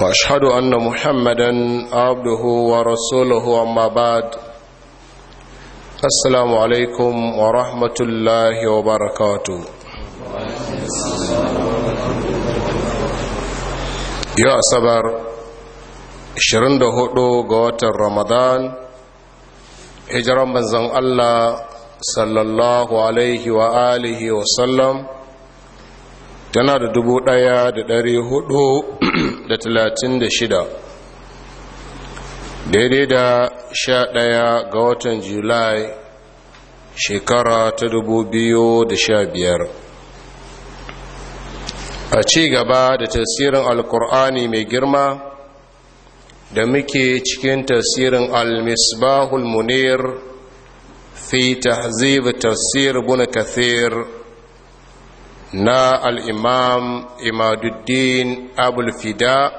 واشهد ان محمدا عبده ورسوله اما بعد السلام عليكم ورحمه الله وبركاته yau asabar 24 ga watan ramadan hijiran manzan allah sallallahu alaihi wa alihi wasallam tana da 1400 da talatin da shida daidai da sha ɗaya ga watan julai shekara ta dubu biyu da sha biyar a ci gaba da tasirin alkur'ani mai girma da muke cikin tasirin al-misbahul munir fi tahzib tafsir buna kathir na al'imam imaduddin abulfida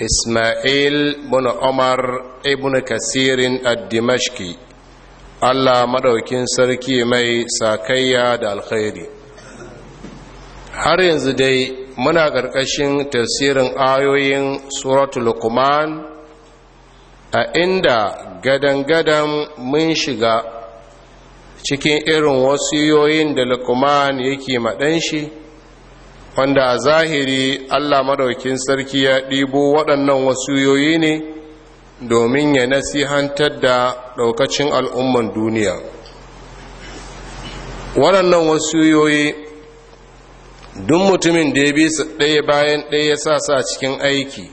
ismail bin umar ibn kasirin addimashki allah maɗaukin sarki mai sakayya da alkhairi har yanzu dai muna ƙarƙashin tafsirin ayoyin suratul kuman a inda gadan-gadan mun shiga cikin irin wasiyoyin da lukman yake maɗan shi wanda a zahiri allah maɗaukin sarki ya ɗibo waɗannan wasiyoyi ne domin ya nasihantar da ɗaukacin al'umman duniya waɗannan wasiyoyi duk mutumin da ya bi su ɗaya bayan ɗaya sa sa cikin aiki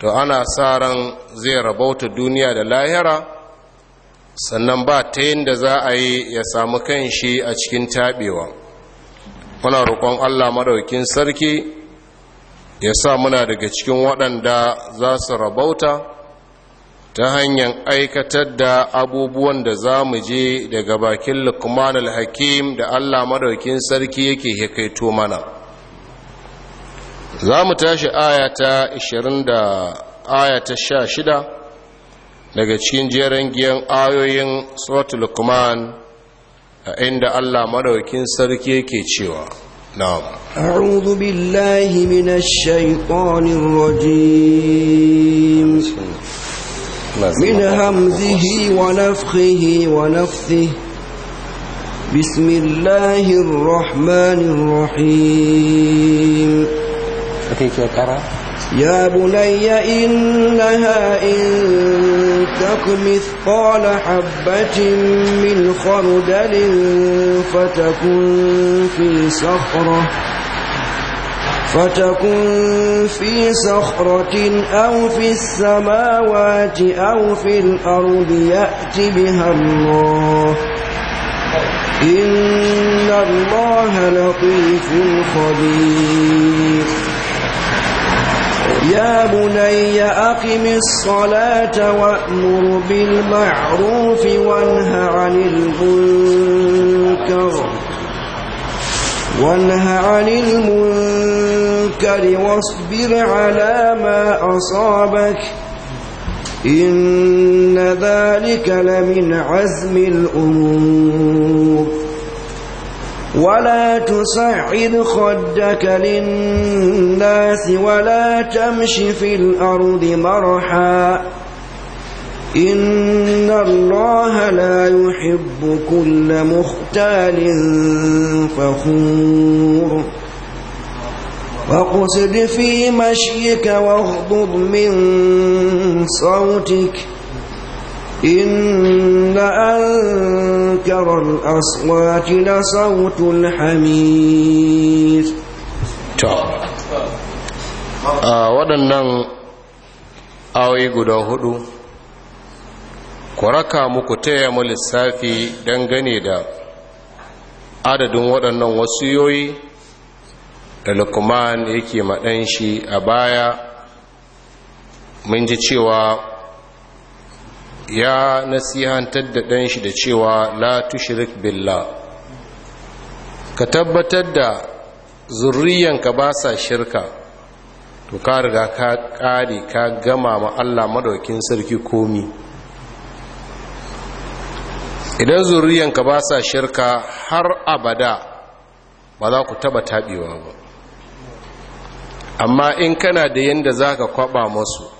to ana sa ran zai rabauta duniya da lahira sannan ba ta yin da za a yi ya samu kan shi a cikin taɓewa muna roƙon allah maɗaukin sarki ya sa muna daga cikin waɗanda za su rabauta ta hanyar aikatar da abubuwan da za mu je daga bakin lukman al-hakim da allah maɗaukin sarki yake to mana za mu tashi ayata 20 da ayata 16 daga cikin jerin giyan ayoyin suratul lukman a inda Allah madaukin sarki yake cewa na'am a'udhu billahi minash shaitanir rajim min hamzihi wa nafthihi wa nafthihi بسم الله الرحمن الرحيم يا بني إنها إن تك مثقال حبة من خردل فتكن في صخرة فتكن في صخرة أو في السماوات أو في الأرض يأت بها الله إن الله لطيف خبير يا بني أقم الصلاة وأمر بالمعروف وانه عن المنكر وانه عن المنكر واصبر على ما أصابك إن ذلك لمن عزم الأمور ولا تصعد خدك للناس ولا تمش في الأرض مرحا إن الله لا يحب كل مختال فخور وقصد في مشيك واغضض من صوتك إن أنكر الأصوات لصوت الحمير waɗannan awoyi guda huɗu, hudu kuraka muku taya mu lissafi dangane da adadin waɗannan wasiyoyi da lukman yake maɗan shi a baya mun ji cewa ya nasihantar da ɗan shi da cewa la tushrik billah ka tabbatar da zurriyanka ba sa shirka to ka riga ka ƙare ka gama ma Allah madaukin sarki komi idan zurriyanka ba sa shirka har abada ba za ku taba taɓewa ba amma in kana da yadda za ka kwaba masu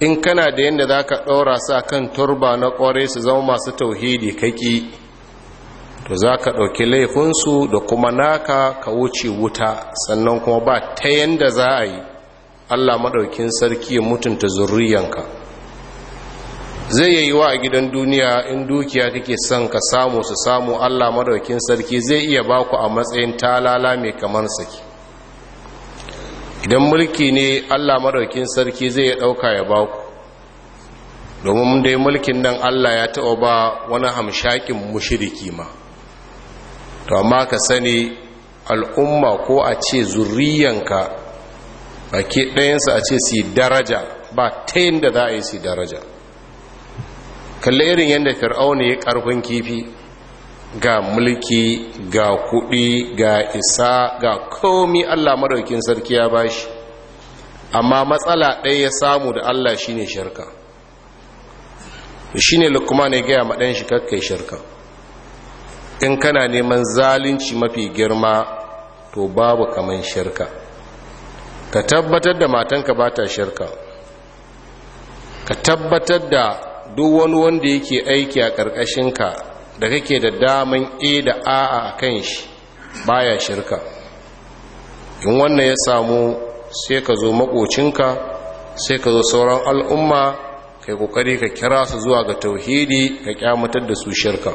in kana da yadda za ka ɗora su kan turba na ƙware su zama masu tauhidi kaki to za ka ɗauki laifinsu da kuma naka ka wuce wuta sannan kuma ba ta yadda za a yi allah maɗaukin sarki mutunta zurriyanka zai yi wa a gidan duniya in dukiya kake son ka samu su samu allah maɗaukin sarki zai iya baku a matsayin talala mai kamar saki idan mulki ne allah maraukin sarki zai ɗauka ya ba ku domin dai mulkin nan allah ya taɓa ba wani hamshakin mushiriki ma to amma ka sani al'umma ko a ce zurriyanka baki ɗayansu a ce su daraja ba ta yin da za a yi su daraja kalli irin yadda fir'auna ya ƙarfin kifi ga mulki ga kuɗi ga isa ga komi allah maraukin sarki ya bashi amma matsala ɗaya ya samu da allah shine shirka shine lukman ya gaya ma ɗan shi kakkai shirka in kana neman zalunci mafi girma to babu kaman shirka ka tabbatar da matanka ba ta shirka ka tabbatar da duk wani wanda yake aiki a ƙarƙashinka da kake da daman e da a'a a kan shi baya shirka in wannan ya samu sai ka zo makocinka sai ka zo sauran al'umma kai yi kokari ka kira su zuwa ga tauhidi ka kyamatar da su shirka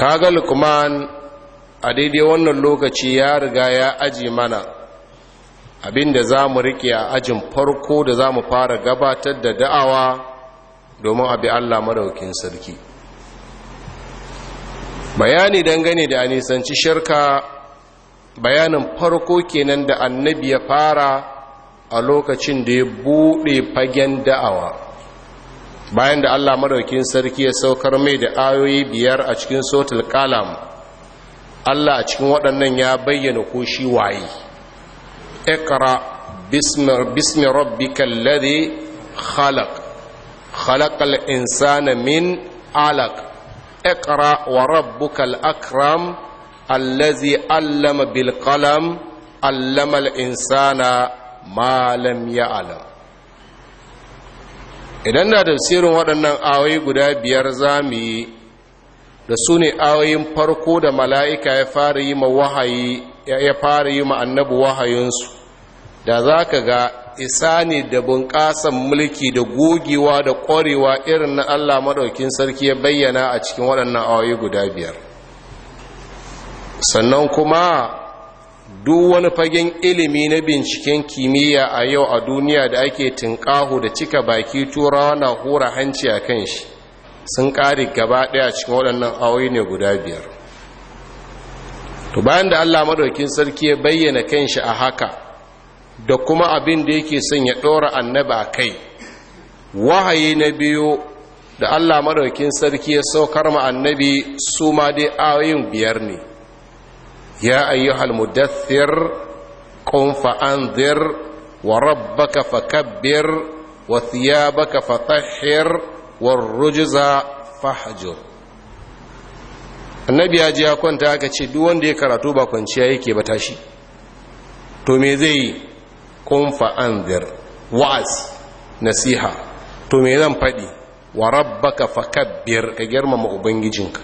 kaga lukman a daidai wannan lokaci ya riga ya aji mana abinda za mu rike a ajin farko da za mu fara gabatar da da'awa domin abi allah maraukin sarki bayani dangane da anisanci shirka bayanin farko kenan da annabi ya fara a lokacin da ya buɗe fagen da'awa bayan da allah maraukin sarki ya saukar mai da ayoyi biyar a cikin sotul kalam allah a cikin waɗannan ya bayyana ko shi waye ikra bismi rabbika alladhi khalaq khalaqal insana min alaq اقرأ وربك الأكرم الذي علم بالقلم علم الإنسان ما لم يعلم idan na tafsirin waɗannan awayi guda biyar zami da su ne awayin farko da mala'ika ya fara yi ma wahayi annabi wahayinsu da za ka ga isa ne da bunƙasan mulki da gogewa da ƙwarewa irin na Allah maɗaukin sarki ya bayyana a cikin waɗannan awayi guda biyar sannan kuma duk wani fagen ilimi na binciken kimiyya a yau a duniya da ake tunƙahu da cika baki turawa na hura hanci a kan shi sun ƙari gaba ɗaya cikin waɗannan awayi ne guda biyar bayan da Allah maɗaukin sarki ya bayyana kanshi a haka da kuma abin da yake son ya ɗora annaba kai wahayi na biyu da allah maɗaukin sarki ya saukar ma annabi su ma dai ayoyin biyar ne ya ayyuhal mudaththir qum fa'anzir wa rabbaka fakabbir wa thiyabaka fatahhir wa rujza fahjur annabi ya ji ya kwanta aka ce duk wanda ya karatu ba kwanciya yake ba tashi to me zai yi kun fa'anzir wa'az nasiha to me zan faɗi wa rabbaka fakabbir ka girmama ubangijinka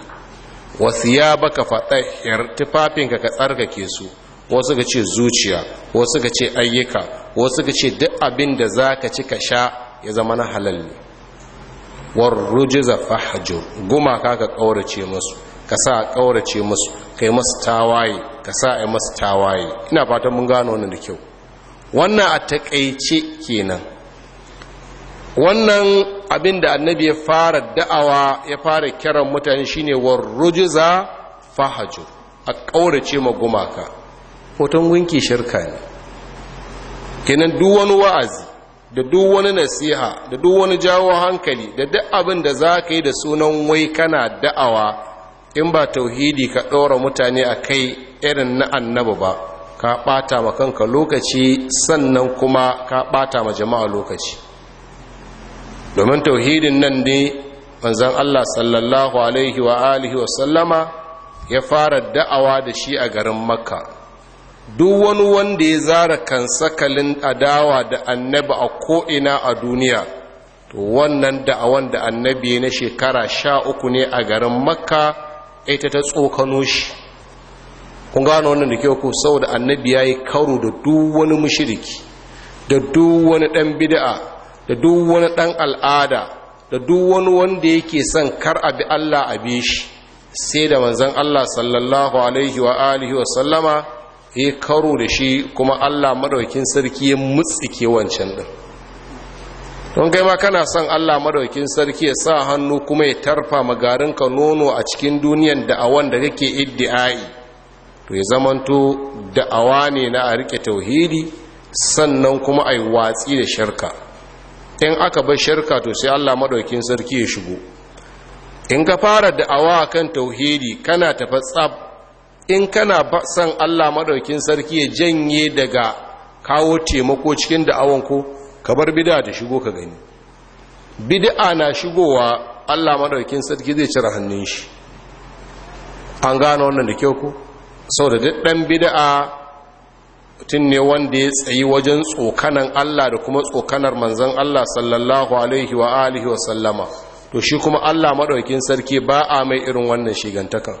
wa baka fatahhir tufafinka ka tsarka ke su wasu ga ce zuciya wasu ga ce ayyuka wasu ga ce duk abin da ka ci ka sha ya zama na halal ne warrujiza fahjur gumaka ka ƙaurace musu ka sa a kaurace musu kai masu tawaye ka sa a masu tawaye ina fatan mun gano wannan da kyau wannan a takaice kenan wannan abin da annabi ya fara da'awa ya fara kiran mutane shine warrujiza fahaju a ƙaurace ma gumaka hoton gunki shirka ne kenan duk wani wa'azi da duk wani nasiha da duk wani jawo hankali da duk abin da za ka yi da sunan wai kana da'awa in ba tauhidi ka ɗora mutane a kai irin na annaba ba ka ɓata ma kanka lokaci sannan kuma ka ɓata ma jama'a lokaci domin tauhidin nan ne manzan Allah sallallahu alaihi wa alihi wa sallama ya fara da'awa da shi a garin makka duk wani wanda ya zara kansakalin adawa da annabi a ko'ina a duniya to wannan da'awan da annabi na shekara sha uku ne a garin makka ita ta tsokano shi kun gano wannan da kyau ko saboda annabi yayi karo da duk wani mushriki da duk wani dan bid'a da duk wani dan al'ada da duk wani wanda yake son kar abi Allah abi shi sai da manzon Allah sallallahu alaihi wa alihi wa sallama ya karo da shi kuma Allah madaukin sarki ya mutsike wancan din don kai ma kana son Allah madaukin sarki ya sa hannu kuma ya tarfa magarinka nono a cikin duniyan da a wanda kake iddi'ai to ya zamanto da'awa ne na a rike tauhidi sannan kuma a yi watsi da sharka, in aka bar sharka to sai allah maɗaukin sarki ya shigo in ka fara da'awa kan tauhidi kana tafa tsab in kana son allah maɗaukin sarki ya janye daga kawo taimako cikin da'awan ko ka bar bida ta shigo ka gani bid'a na shigowa allah maɗaukin sarki zai cire hannun shi an gane wannan da kyau ko sau da duk ɗan bida'a tun ne wanda ya tsayi wajen tsokanan Allah da kuma tsokanar manzan Allah sallallahu alaihi wa alihi wa sallama to shi kuma Allah maɗaukin sarki ba a mai irin wannan shigantakan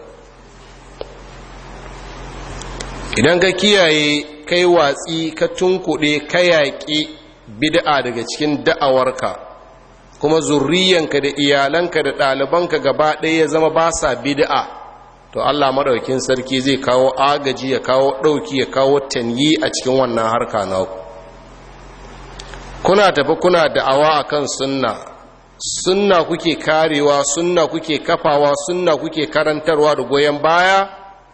idan ka kiyaye kai watsi ka tunkuɗe ka yaƙi bid'a daga cikin da'awarka kuma zurriyanka da iyalanka da ɗalibanka gaba ɗaya ya zama ba sa bid'a to Allah madaukin sarki zai kawo agaji ya kawo dauki ya kawo tanyi a cikin wannan harka na ku kuna tafi kuna da'awa akan sunna sunna kuke karewa sunna kuke kafawa sunna kuke karantarwa da goyen baya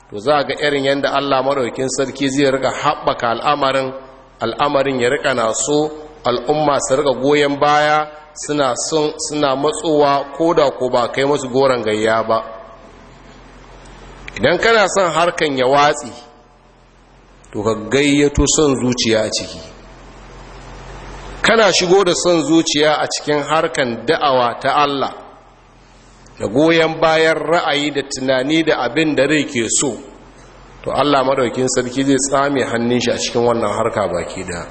to za ga irin yadda Allah madaukin sarki zai rika haɓaka al'amarin al'amarin ya rika na so al'umma su rika goyon baya suna sun suna matsowa ko da ko ba kai musu goron gayya ba idan kana son harkan ya watsi to ka gayyato son zuciya a ciki kana shigo da son zuciya a cikin harkan da'awa ta Allah da goyon bayan ra'ayi da tunani da abin da rai ke so to Allah madaukin sarki zai tsame hannun shi a cikin wannan harka baki da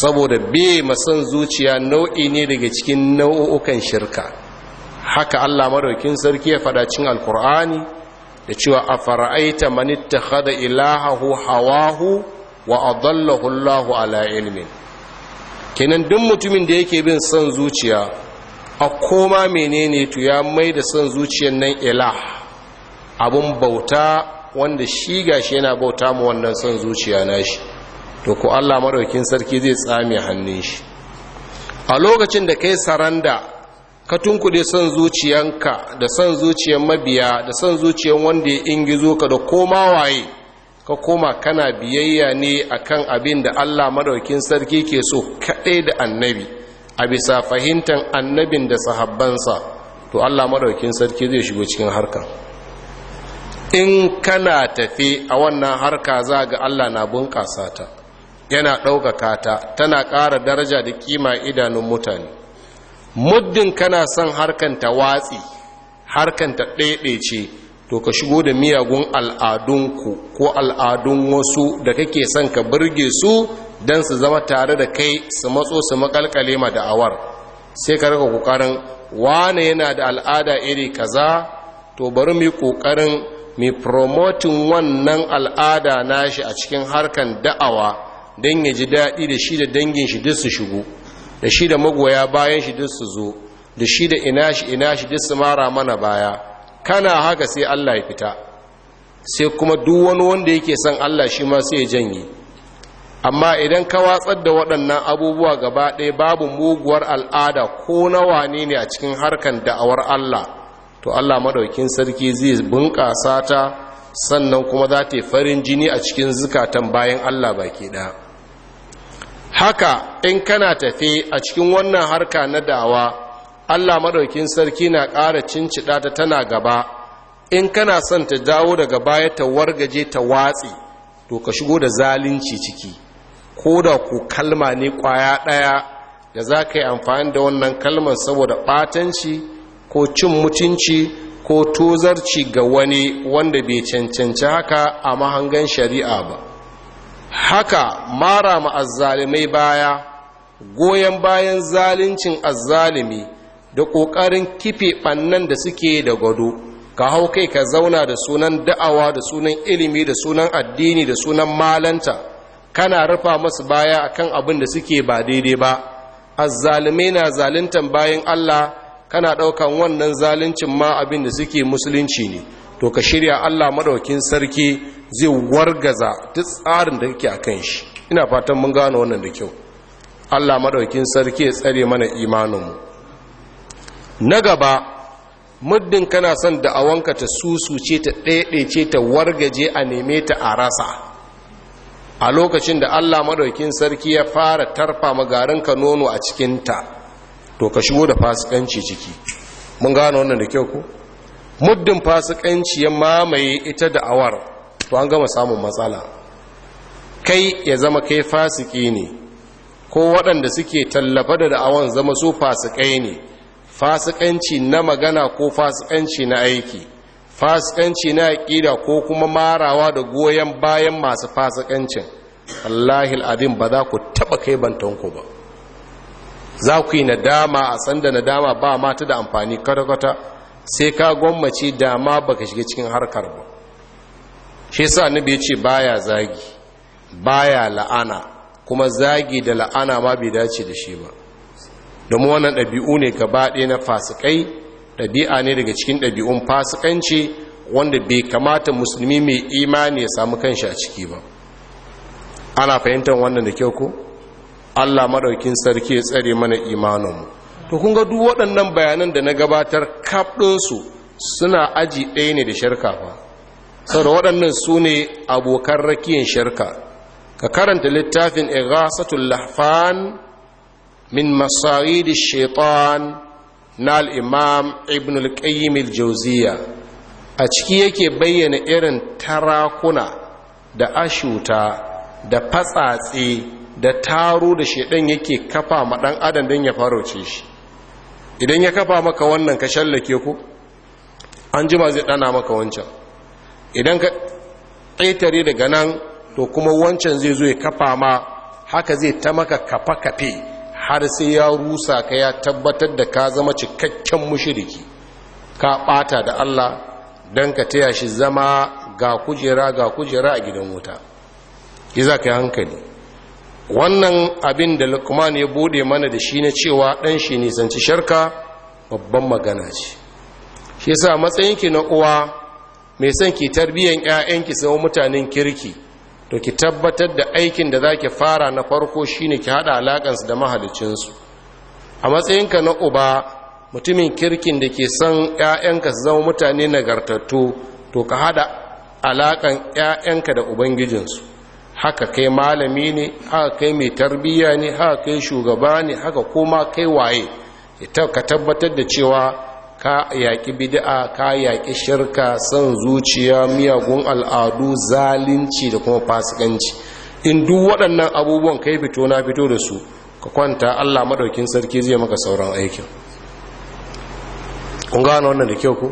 saboda be son zuciya nau'i ne daga cikin nau'ukan shirka haka Allah madaukin sarki ya faɗa cikin alkur'ani da cewa a fara'aita manita kada ilahahu hawahu wa adallahu Allahu ala ilmin kenan duk mutumin da yake bin son zuciya a koma menene to ya mai da son zuciyar nan ilah abun bauta wanda shi gashi yana bauta mu wannan son zuciya na shi. to ko Allah maraukin sarki zai tsame hannun shi a lokacin da kai saranda ka tunkuɗe son zuciyanka da son zuciyan mabiya da son zuciyan wanda ya ingizo ka da koma waye ka koma kana biyayya ne akan abin da Allah madaukin sarki ke so kaɗai da annabi a bisa fahimtar annabin da sahabbansa to Allah madaukin sarki zai shigo cikin harka in kana tafi a wannan harka za ga Allah na bunƙasa ta yana ɗaukaka ta tana ƙara daraja da kima idanun mutane muddin kana son harkanta watsi harkanta ɗaiɗaice to ka shigo da miyagun al'adunku ko al'adun wasu da kake son ka birge su don su zama tare da kai su matso su makalkale ma da'awar sai ka raka kokarin wane yana da al'ada iri kaza to bari mu yi kokarin mai promotin wannan al'ada shi a cikin harkan da'awa don ya ji daɗi da shi da dangin shi duk su shigo da shi da magoya bayan shi duk su zo da shi da ina shi ina shi duk su mara mana baya kana haka sai Allah ya fita sai kuma duk wani wanda yake son Allah shi ma sai ya janye amma idan ka watsar da waɗannan abubuwa gaba ɗaya babu muguwar al'ada ko na wane ne a cikin harkan da'awar Allah to Allah madaukin sarki zai bunƙasa ta sannan kuma za ta yi farin jini a cikin zukatan bayan Allah baki ɗaya haka in kana tafe a cikin wannan harka na dawa allah maɗaukin sarki na ƙara cincida ta tana gaba in kana son ta dawo daga baya ta wargaje ta watsi to ka shigo da zalunci ciki ko da ku kalma ne ƙwaya ɗaya da za ka yi amfani da wannan kalmar saboda ɓatanci ko cin mutunci ko tozarci ga wani wanda bai cancanci haka a mahangan shari'a ba haka mara ma azzalimai baya goyon bayan zalincin azzalimi da ƙoƙarin kife ɓannan da suke da gado ka hau kai ka zauna da sunan da'awa da sunan ilimi da sunan addini da sunan malanta kana rufa masu baya akan abin da suke ba daidai ba azzalimai na zaluntan bayan allah kana ɗaukan wannan zaluncin ma abin da suke musulunci ne to ka shirya Allah madaukin sarki zai wargaza duk tsarin da kake kan shi ina fatan mun gano wannan da kyau Allah madaukin sarki ya tsare mana imaninmu na gaba muddin kana son da awanka ta susuce ta ɗaiɗaice ta wargaje a neme ta a rasa a lokacin da Allah madaukin sarki ya fara tarfa magarinka nono a cikinta to ka shigo da fasikanci ciki mun gano wannan da kyau ko muddin fasikanci ya mamaye ita da awar to an gama samun matsala kai ya zama kai fasiki ne ko waɗanda suke tallafa da da'awan zama su fasikai ne fasikanci na magana ko fasikanci na aiki fasikanci na aƙida ko kuma marawa da goyon bayan masu fasikancin allahil abin ba za ku taɓa kai bantanku ba za ku yi nadama a sanda nadama ba mata da amfani kwata-kwata sai ka gwammace dama baka shiga cikin harkar ba shi sa annabi ya ce baya zagi baya la'ana kuma zagi da la'ana ma bai dace da shi ba domin wannan ɗabi'u ne gaba ɗaya na fasikai ɗabi'a ne daga cikin ɗabi'un fasikanci wanda bai kamata musulmi mai imani ya samu kanshi a ciki ba ana fahimtar wannan da kyau ko allah maɗaukin sarki ya tsare mana imaninmu to kun ga duk waɗannan bayanan da na gabatar kaf suna aji ɗaya ne da shirka fa da waɗannan su ne abokan rakiyar shirka ka karanta littafin igasatul lahfan min masarid shaitan na al'imam ibn al-qayyim jauziya a ciki yake bayyana irin tarakuna da ashuta da fatsatse da taro da shaidan yake kafa ma ɗan adam don ya shi idan ya kafa maka wannan ka shallake ku an jima zai dana maka wancan idan ka ƙetare daga nan to kuma wancan zai zo ya kafa ma haka zai ta maka kafa-kafe har sai ya rusa ka ya tabbatar da ka zama cikakken mushiriki ka ɓata da Allah don ka taya shi zama ga kujera ga kujera a gidan wuta. za ka yi hankali. wannan abin da lukman ya bude mana da shi na cewa 'dan shi nisanci sharka babban magana ce shi yasa matsayinki na uwa mai son ki tarbiyyan 'ya'yanki sau mutanen kirki to ki tabbatar da aikin da zaki fara na farko shine ki hada alakansu da mahalicinsu a matsayinka na uba mutumin kirkin da ke son 'ya'yanka su zama mutane nagartattu to ka hada alakan 'ya'yanka da ubangijinsu haka kai malami ne haka kai mai tarbiyya ne haka kai shugaba ne haka koma kai waye ka tabbatar da cewa ka yaƙi bid'a ka yaƙi shirka san zuciya miyagun al'adu zalunci da kuma fasikanci in duk waɗannan abubuwan kai fito na fito da su ka kwanta Allah maɗaukin sarki zai maka sauran aikin kun gano wannan da kyau ku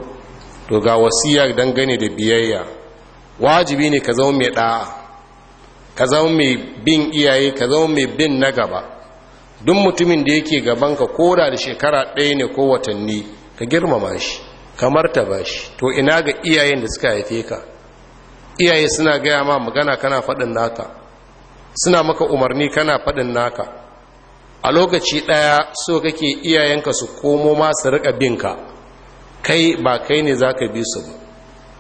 to ga wasiya dangane da biyayya wajibi ne ka zama mai ɗa'a ka zama mai bin iyaye ka zama mai bin na gaba duk mutumin da yake gabanka koda da shekara ɗaya ne ko watanni ka girmama shi kamar ta ba shi to ina ga iyayen da suka haife ka iyaye suna gaya ma magana kana faɗin naka suna maka umarni kana faɗin naka a lokaci ɗaya so kake iyayenka su komo ma su riƙa binka kai ba kai ne za ka bi su ba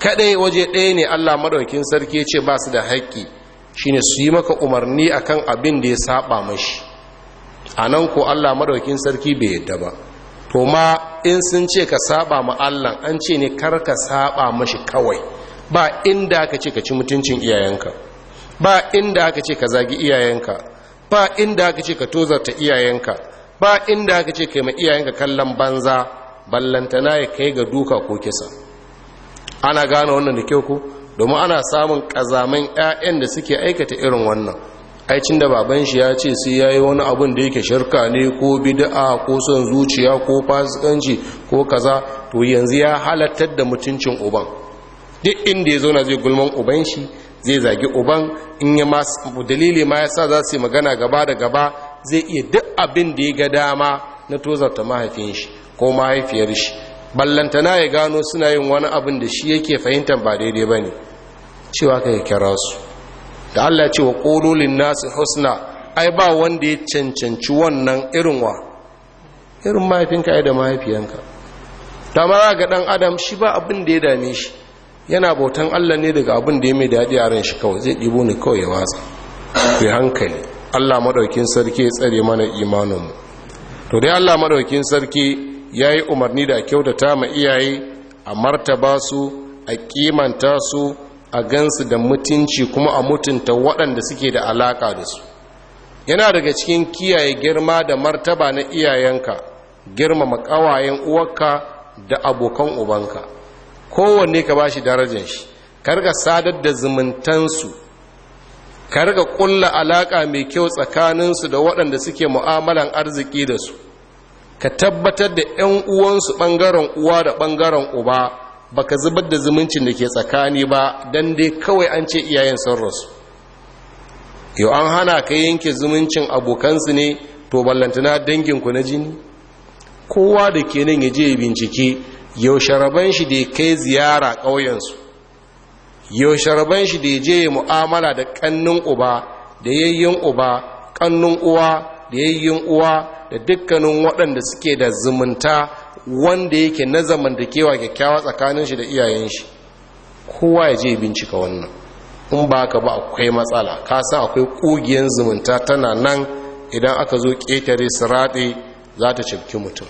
kaɗai waje ɗaya ne allah maɗaukin sarki ce ba su da haƙƙi shine su yi maka umarni akan abin da ya saba mashi a nan ko allah maɗaukin sarki bai yadda ba to ma in sun ce ka saba ma allah an ce ne kar ka saba mashi kawai ba inda aka ce ka ci mutuncin iyayenka ba inda aka ce ka zagi iyayenka ba inda aka ce ka tozarta iyayenka ba inda aka ce ka yi mai iyayenka kallon banza ballantana ya kai ga duka ko kisa ana gane wannan da kyau ko domin ana samun kazaman 'ya'yan da suke aikata irin wannan aicin da baban shi ya ce sai ya yi wani abin da yake shirka ne ko bida'a ko son zuciya ko fasikanci ko kaza to yanzu ya halattar da mutuncin uban duk inda ya zauna zai gulman uban shi zai zagi uban in ya masu dalili ma ya sa za su yi magana gaba da gaba zai iya duk abin da ya ga dama na tozarta mahaifin shi ko mahaifiyar shi ballantana ya gano suna yin wani abin da shi yake fahimtar ba daidai ba ne cewa ka yi kira su da allah ce wa ƙololin nasu husna ai ba wanda ya cancanci wannan irin wa irin mahaifinka da mahaifiyanka ta mara ga ɗan adam shi ba abin da ya dame shi yana bautan allah ne daga abin da ya mai daɗi a ran shi kawai zai ɗibo ne kawai ya watsa ku hankali allah maɗaukin sarki ya tsare mana imaninmu to dai allah maɗaukin sarki ya yi umarni da kyautata ma iyaye a martaba su a kimanta su a gansu da mutunci kuma a mutunta waɗanda suke da alaƙa da su yana daga cikin kiyaye girma da martaba na iyayenka girmama ƙawayen uwarka da abokan ubanka kowanne ka ba shi darajar shi karga sadar da zumuntansu karga ƙulla alaƙa mai kyau tsakaninsu da waɗanda suke mu'amalan arziki da su ka tabbatar da 'yan uwansu ɓangaren uwa da ɓangaren uba ba ka zubar da zumuncin da ke tsakani ba don dai kawai an ce iyayen sun rasu yau an hana ka yanke zumuncin abokansu ne to ballantana danginku na jini kowa da ke nan ya je bincike yau sharaban shi da ya kai ziyara ƙauyensu yau sharaban shi da ya je mu'amala da ƙannin uba da yayyen uba ƙannin uwa da yayyin uwa da dukkanin waɗanda suke da zumunta wanda yake na zamantakewa kyakkyawa tsakanin shi da iyayen shi kowa ya je bincika wannan in ba ka ba akwai matsala ka sa akwai ƙugiyar zumunta tana nan idan aka zo ƙetare su raɗe za ta cifki mutum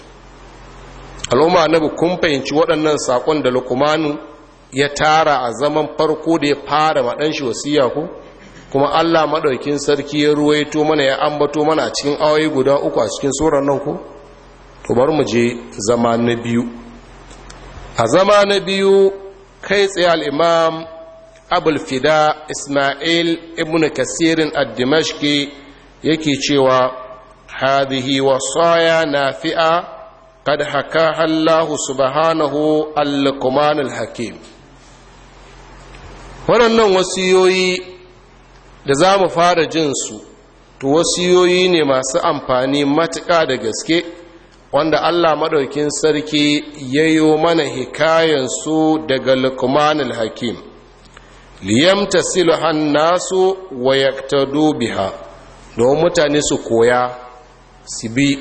al'umma na bukun fahimci waɗannan saƙon da lukumanu ya tara a zaman farko da ya fara maɗan shi wasiya ko kuma Allah maɗaukin sarki ya ruwaito mana ya ambato mana a cikin awayi guda uku a cikin tsoron nan ko to bar mu je zama na biyu a zama na biyu kai tsaye al-imam abul fida isma'il ibn kasirin ad-dimashqi yake cewa hadhihi wasaya nafi'a qad hakaha Allah subhanahu al-luqman hakim waɗannan wasiyoyi da za mu fara jinsu to wasiyoyi ne masu amfani matuƙa da gaske wanda allah maɗaukin sarki ya yi mana hikayensu daga lukmanul hakim liyamta siluhan nasu wa dubi ha, don mutane su koya su bi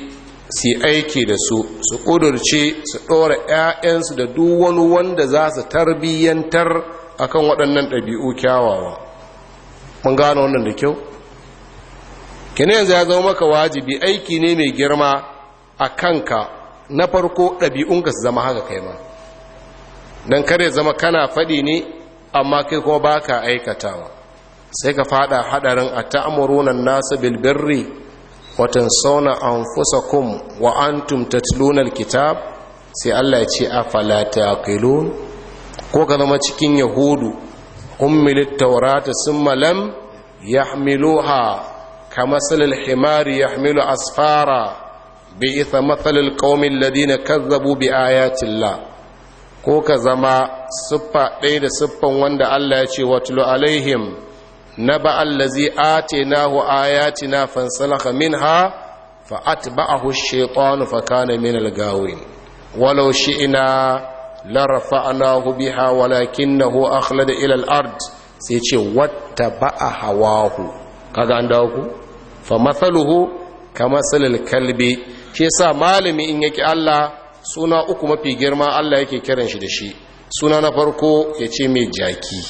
su aiki da su su ƙudurce su ɗora 'ya'yansu da duk wanda za su tarbiyyantar akan waɗannan ɗabi'u kyawawa mun gane wannan da kyau kene yanzu ya zama maka wajibi aiki ne mai girma a kanka na farko ɗabi'unka su zama haka kai ma don kare zama kana faɗi ne amma kai kuma ba ka aikatawa sai ka fada haɗarin a ta'amurunan nasu bilbirri watan sauna an fusa kum wa an tilonar kitab sai allah ya ce a falata ko ka zama cikin yahudu hummilit taurata sun malam ya ka kama salil himari ya asfara bi isa matsalil ƙaumin ladina kazzabu bi ayatilla ko ka zama siffa ɗaya da siffan wanda allah ya ce watulu alaihim na ba ba'allazi ate nahu ayatina fansalaka minha fa'atba'ahu shaitanu fakana min algawin walau shi'ina Larafa rafa'nahu biha walakinahu akhlada ila al-ard sai ce watta ba'a hawahu kaga an dawo ku fa mathaluhu kamathalil kalbi shi yasa malami in yake Allah suna uku mafi girma Allah yake kiran shi da shi suna na farko ya ce mai jaki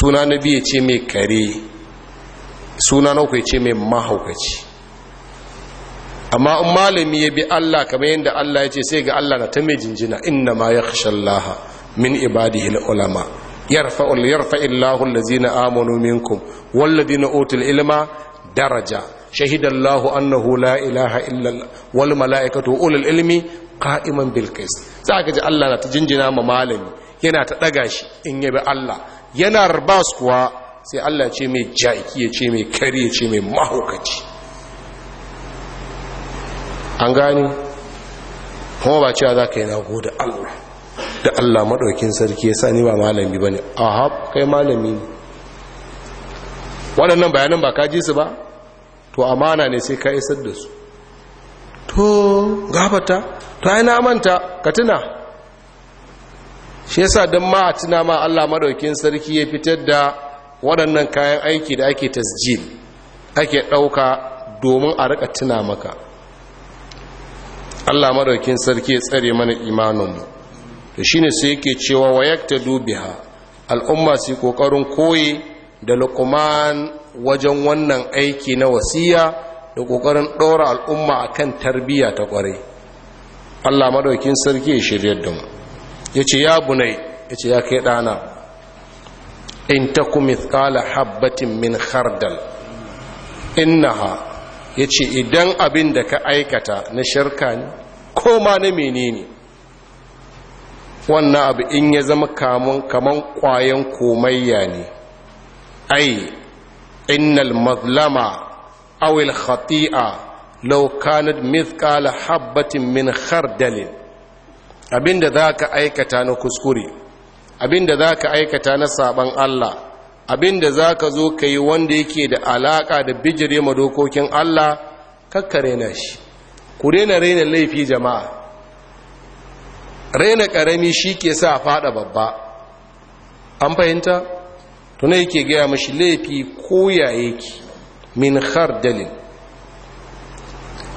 suna na biyu ya ce mai kare suna na uku ya ce mai mahaukaci amma in malami ya bi Allah kamar yadda Allah ya ce sai ga Allah na ta mai jinjina inna ma yakhsha Allah min ibadihi al-ulama yarfa yarfa illahu allazina amanu minkum na utul ilma daraja shahida Allah annahu la ilaha illallah, wal malaikatu ulul ilmi qa'iman bil qist sai ji Allah na ta jinjina ma malami yana ta daga shi in ya bi Allah yana rabas kuwa sai Allah ce mai jaiki ya ce mai kari ya ce mai mahaukaci an gani kuma ba cewa za ka yi nago da allah da allah maɗaukin sarki ya sani ba malami ba ne a hab kai malami ne waɗannan bayanan ba ka ji su ba to amana ne sai ka isar da su to gabata ta yi na manta ka tuna shi yasa don ma a tuna ma Allah maɗaukin sarki ya fitar da waɗannan kayan aiki da ake tasjil ake ɗauka domin a riƙa tuna maka Allah madaukin sarki ya tsare mana imaninmu da shine sai yake cewa ta dubiha al'umma su kokarin koyi da luqman wajen wannan aiki na wasiya da kokarin dora al'umma a kan tarbiya ta kware Allah madaukin sarki ya shiryar da mu yace ya bunai yace ya kai ɗana. in takum mithqala habatin min khardal innaha ya ce idan abin da ka aikata na shirka ne ko ma na menene wannan abu in ya zama kamun kaman kwayan komayya ne ai innal mazlama awil khati'a law kanat mithqala habatin min khardal abinda zaka aikata na kuskure abinda zaka aikata na saban Allah abin da za ka zo ka yi wanda yake da alaƙa da bijire ma dokokin Allah kakka raina shi ku rena raina laifi jama'a raina ƙarami shi ke sa faɗa babba an fahimta tuna yake gaya mashi laifi koya yake min har dalil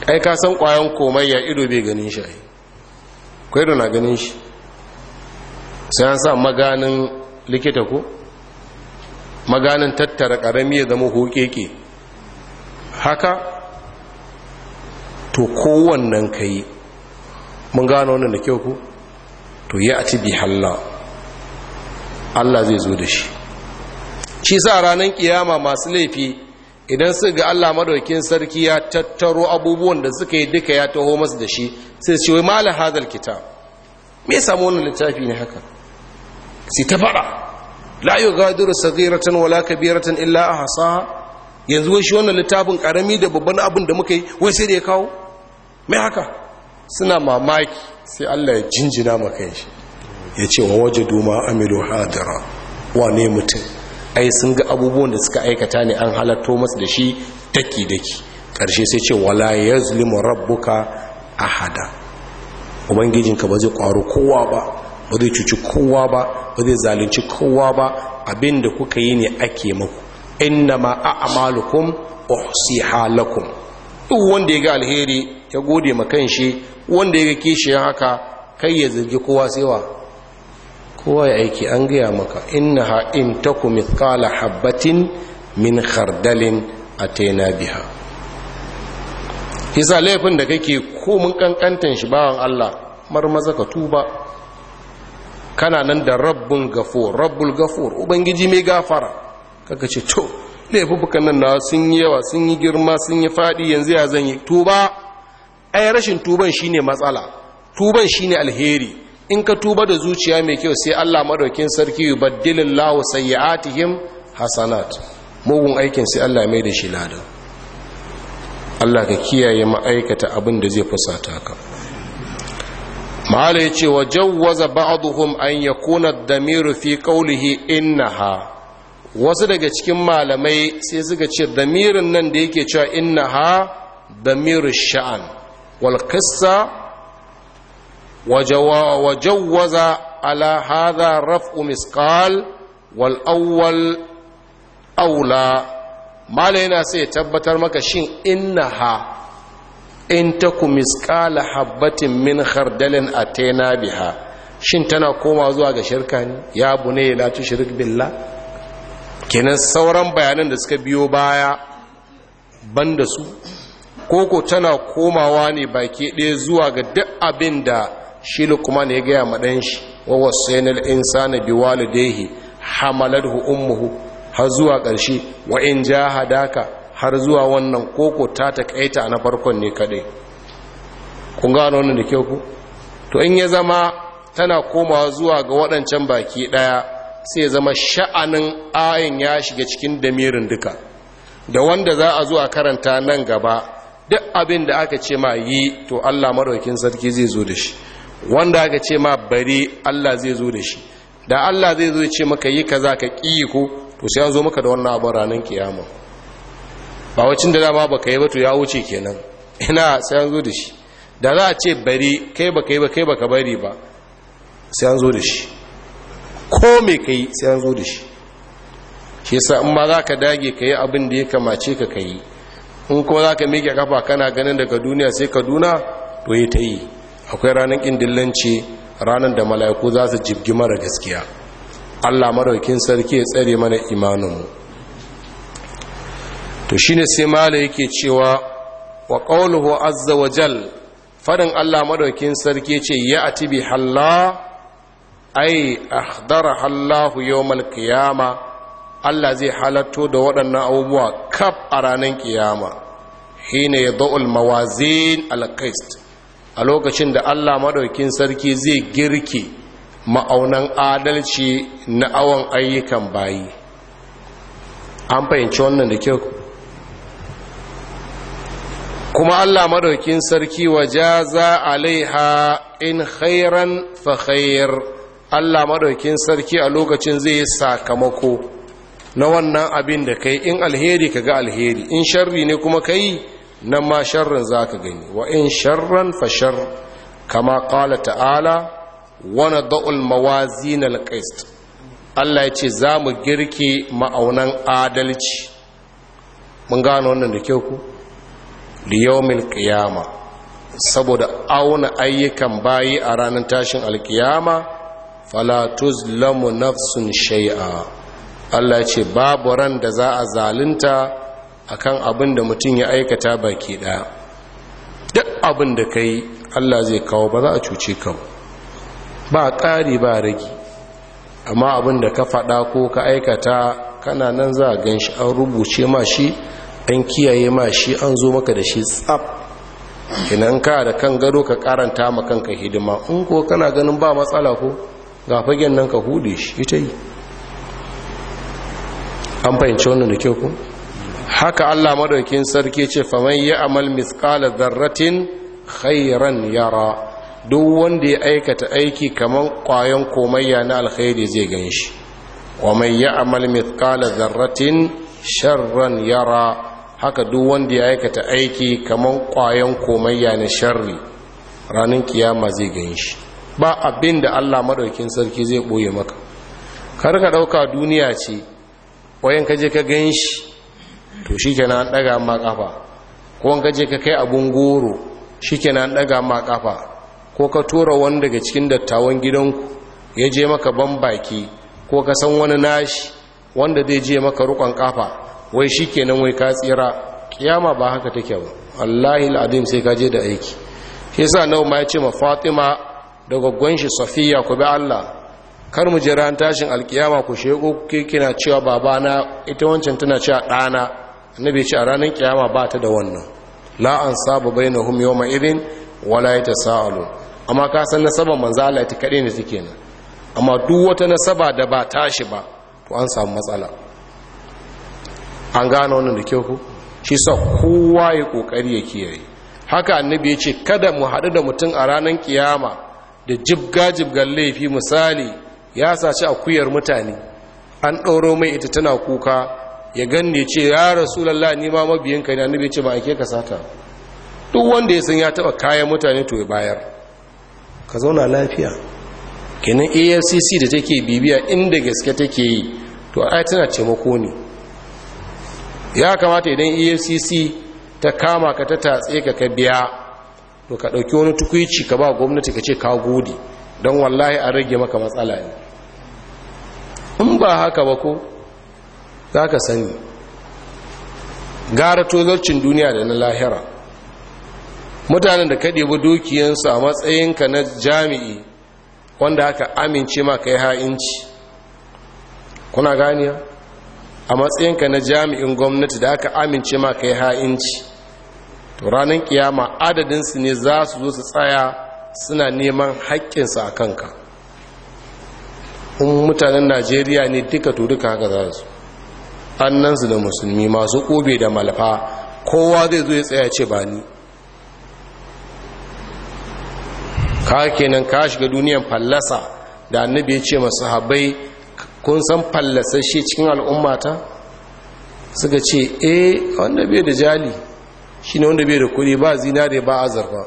ai ka san ƙwayon ya ido bai ganin shi ai na ganin shi sai an sa maganin likita ko maganin tattara ƙarami ya zama hokeke haka to kowannan ka yi mun gano wannan da kyau ku to a ci bi halla Allah zai zo da shi shi sa ranar kiyama masu laifi idan su ga Allah madaukin sarki ya tattaro abubuwan da suka yi duka ya taho masu da shi sai su ce wai mala kita kitab me samu wannan littafi ne haka sai ta faɗa. la yughadiru saghiratan wala kabiratan illa hasa yanzu wai shi wannan littafin karami da babban abin da muka yi wai sai da ya kawo mai haka suna mamaki sai Allah ya jinjina ma kai shi ya ce wa waje duma amilu hadira wane mutum ai sun ga abubuwan da suka aikata ne an halatto masu da shi daki daki karshe sai ce wala yazlimu rabbuka ahada ubangijinka ba zai kwaro kowa ba ba zai cuci kowa ba ba zai zalunci kowa ba abinda kuka yi ne ake muku innama a'malukum uhsiha lakum duk wanda ya ga alheri ya gode ma shi wanda ya ga kishiyan haka kai ya zargi kowa sewa kowa ya aiki an gaya maka innaha in taku mithqala habatin min khardalin ataina biha kisa laifin da kake mun kankantan shi bawan Allah marmaza ka tuba kana nan da rabbun gafur rabbul gafur ubangiji mai gafara kaka ce to laifukan nan na sun yi yawa sun yi girma sun yi faɗi yanzu ya zan yi tuba ai rashin tuban shine matsala tuban shine alheri in ka tuba da zuciya mai kyau sai Allah madaukin sarki yubaddilin lahu sayyi'atihim hasanat mugun aikin sai Allah mai da shi ladan Allah ka kiyaye ma'aikata abin da zai fusata ka mala ya ce wa jawwaza ba'duhum an yakuna damiru fi innaha wasu daga cikin malamai sai suka ce damirin nan da yake cewa innaha damiru sha'an Walƙissa wajawaza wa jawwaza ala hadha raf'u misqal wal awwal aula mala yana sai tabbatar maka shin innaha in ta ku miskala habbatin min khardalin a tena biha shin tana koma zuwa ga shirka ne ya bu ne la tu shirik billah kenan sauran bayanan da suka biyo baya ban da su koko tana komawa ne baki ɗaya zuwa ga duk abin da shi kuma ne ya gaya ɗan shi wa wasainal insana bi walidayhi hamalathu ummuhu har zuwa ƙarshe wa in hadaka har zuwa wannan koko ta takaita na farkon ne kaɗai kun gano wannan da kyau ku to in ya zama tana komawa zuwa ga waɗancan baki ɗaya sai ya zama sha'anin ayin ya shiga cikin damirin duka da wanda za a zuwa karanta nan gaba duk abin da aka ce ma yi to allah maraukin sarki zai zo da shi wanda aka ce ma bari allah zai zo da shi da allah zai zo ya ce maka yi kaza ka ƙi ko to sai an zo maka da wannan abun ranar kiyama ba wacin da dama ka yi ba to ya wuce kenan ina sai an zo da shi da za a ce bari kai ba kai ba kai ka bari ba sai an zo da shi ko me kai sai an zo da shi shi sa in ma za ka dage ka yi abin da ya kamace ka ka in kuma za ka miƙe kafa kana ganin daga duniya sai kaduna to yi ta yi akwai ranar ƙindillanci ranar da mala'iku za su jibgi mara gaskiya allah maraukin sarki ya tsare mana imaninmu to shine sai mala yake cewa wa qawluhu azza wa jal fadin Allah madaukin sarki ce ya atibi halla ai ahdara hallahu yawmal qiyama Allah zai halatto da waɗannan abubuwa kaf a ranar kiyama hina yadul mawazin alqist a lokacin da Allah madaukin sarki zai girke ma'aunan adalci na awon ayyukan bayi an fahimci wannan da kyau kuma Allah maɗaukin sarki wa jaza alaiha in khairan fa khair Allah maɗaukin sarki a lokacin zai yi sakamako na wannan abin da kai in alheri ka ga alheri in sharri ne kuma kai nan ma sharrin zaka gani wa in sharran fa shar kama qala ta'ala wa nad'u mawazin Allah ya ce za mu girke ma'aunan adalci mun gano wannan da kyau ku liyomil ƙiyama saboda auna ayyukan bayi a ranar tashin alkiyama falatuz lamu nafsun shai'a. Allah ce babu ran da za a zalunta akan abin da mutum ya aikata baki ɗaya. duk abin da yi Allah zai kawo ba za a cuce ka ba ƙari ba rage amma abin da ka faɗa ko ka aikata kana nan za a gan shi an rubuce ma shi an kiyaye ma shi an zo maka da shi tsab inan ka da kan gado ka karanta ma kanka hidima in ko kana ganin ba matsala ko ga fagen nan ka hude shi ita yi an fahimci wannan da kyau ko haka Allah madaukin sarki ce faman ya amal mithqala dharratin khairan yara duk wanda ya aikata aiki kaman kwayan komayya na alkhairi zai ganshi wa man ya amal zarratin dharratin sharran yara haka duk wanda ya aikata aiki kamar kwayan komayya na sharri ranar kiyama zai gan shi ba abin da allah maɗaukin sarki zai ɓoye maka kar ka ɗauka duniya ce wayan ka je ka gan shi to shikenan an ɗaga ma ƙafa ko ka je ka kai abun goro shikenan an ɗaga ma ƙafa ko ka tura wani daga cikin dattawan gidanku ya je maka ban baki ko ka san wani nashi wanda zai je maka rukon ƙafa wai shi kenan wai ka tsira kiyama ba haka take ba wallahi al'adim sai ka je da aiki shi yasa nau ma ya ce ma fatima da gwaggon shi safiya ku bi allah kar mu jira tashin alkiyama ku sheko kina cewa babana ita wancan tana cewa ɗana annabi ce a ranar kiyama ba ta da wannan la an saba bainahum yawma idin wala yatasalu amma ka san nasabar manzo Allah ta kadai ne take nan amma duk wata nasaba da ba tashi ba to an samu matsala an gane wannan da kyau ku shi sa kowa ya kokari ya kiyaye haka annabi ya ce kada mu hadu da mutum a ranar kiyama da jibga jibgan laifi misali ya saci akuyar mutane an ɗoro mai ita tana kuka ya ganne ce ya rasu ni ma mabiyinka ne annabi ya ce ba ake ka sata duk wanda ya san ya taɓa kayan mutane to ya bayar ka zauna lafiya kenan afcc da take bibiya inda gaske take yi to ai tana taimako ne ya kamata idan efcc ta kama ka ta tatse ka ka biya to ka ɗauki wani tukuici ka ba gwamnati ka ce ka gode don wallahi a rage maka matsala ne in ba haka ba ko za ka sani gara tozarcin duniya da na lahira mutanen da ka ɗebi dukiyansu a matsayinka na jami'i wanda aka amince ma ka yi ha'inci kuna ganiya a matsayinka na jami'in gwamnati da aka amince ma kai ha'inci to ranar kiyama adadinsu ne za su zo su tsaya suna neman su a kanka in mutanen najeriya ne duka to duka haka za su annansu da musulmi masu ƙobe da malafa, kowa zai zo ya tsaya ce ba ni ka kenan ka shiga duniyan fallasa da annabi ya ce masu habai kun san fallasashe cikin al'ummata suka ce eh wanda bai da jali shi ne wanda bai da kudi ba zinare ba azurfa.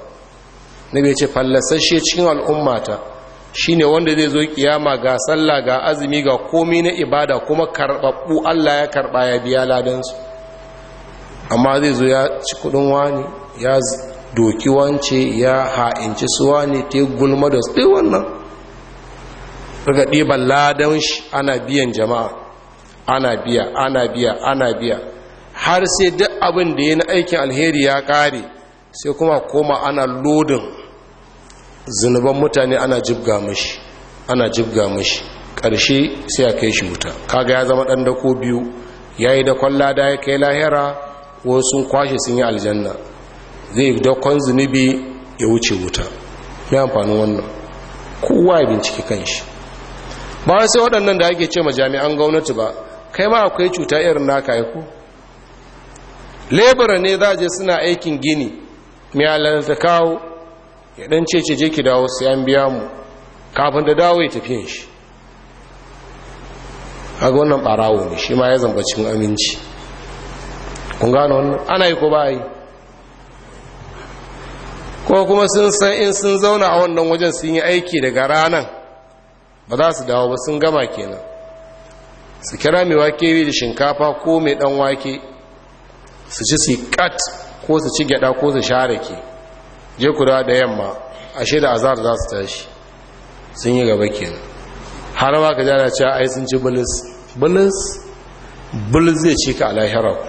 na bai ce fallasashe cikin al'ummata shi ne wanda zai zo kiyama ga sallah ga azumi ga komi na ibada kuma karɓaɓɓu allah ya karɓa ya biya ladansu amma zai zo ya ci kudin wani ya doki wance ya ha'inci su wani te gulma da su wannan daga ɗiban ladan shi ana biyan jama'a ana biya ana biya ana biya har sai duk abin da ya na aikin alheri ya ƙare sai kuma koma ana lodin zunuban mutane ana jibga mashi ana jibga mashi ƙarshe sai a kai shi wuta kaga ya zama ɗan dako biyu ya yi dakon lada ya kai lahira ko sun kwashe sun yi aljanna zai dakon zunubi ya wuce wuta ya amfanin wannan kowa ya bincike kan shi ba sai waɗannan da ake ce ma jami'an gwamnati ba kai ma akwai cuta irin naka ya ku lebura ne za je suna aikin gini mai halarta kawo ya ɗan ce je ki dawo sai an biya mu kafin da dawo ya tafiye shi a ga wannan ɓarawo ne shi ma ya zamba cikin aminci kun gano wannan ana yi ko ba yi ko kuma sun san in sun zauna a wannan wajen sun yi aiki daga ranar ba za su dawo ba sun gama kenan su kira mai wake da shinkafa ko mai dan wake su ci su kat ko su ci gyada ko su share ke je ku da yamma ashe da azar za su tashi sun yi gaba kenan har ma ka jana cewa ai sun ci bulus bulus bulus zai ci ka alahira ku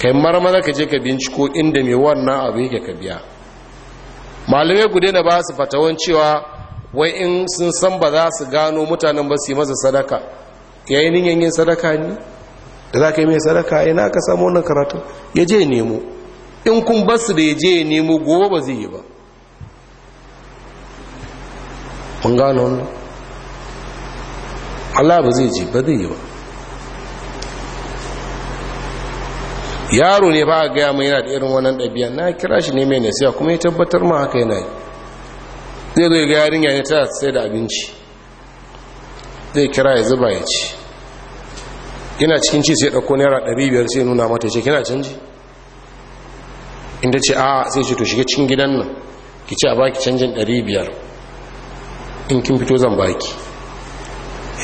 kai marmara ka je ka binciko inda mai wannan abu yake ka biya malamai ku daina ba su fatawan cewa wai in sun san ba za su gano mutanen ba su yi masa sadaka ya yi niyan yin sadaka ne da za ka yi mai sadaka ina ka samu wannan karatu ya je nemo in kun ba su da ya je ya nemo gobe ba zai yi ba mun gano wannan Allah ba zai ji ba zai yi ba yaro ne ba a gaya mai yana da irin wannan ɗabi'a na kira shi ne mai nasiya kuma ya tabbatar ma haka yana yi zai zo ga yarinya ne tana sai da abinci zai kira ya zuba ya ci yana cikin ci sai ɗauko naira ɗari biyar sai nuna mata ce kina canji inda ce a sai ce to shiga cikin gidan nan ki ce a baki canjin ɗari biyar in kin fito zan baki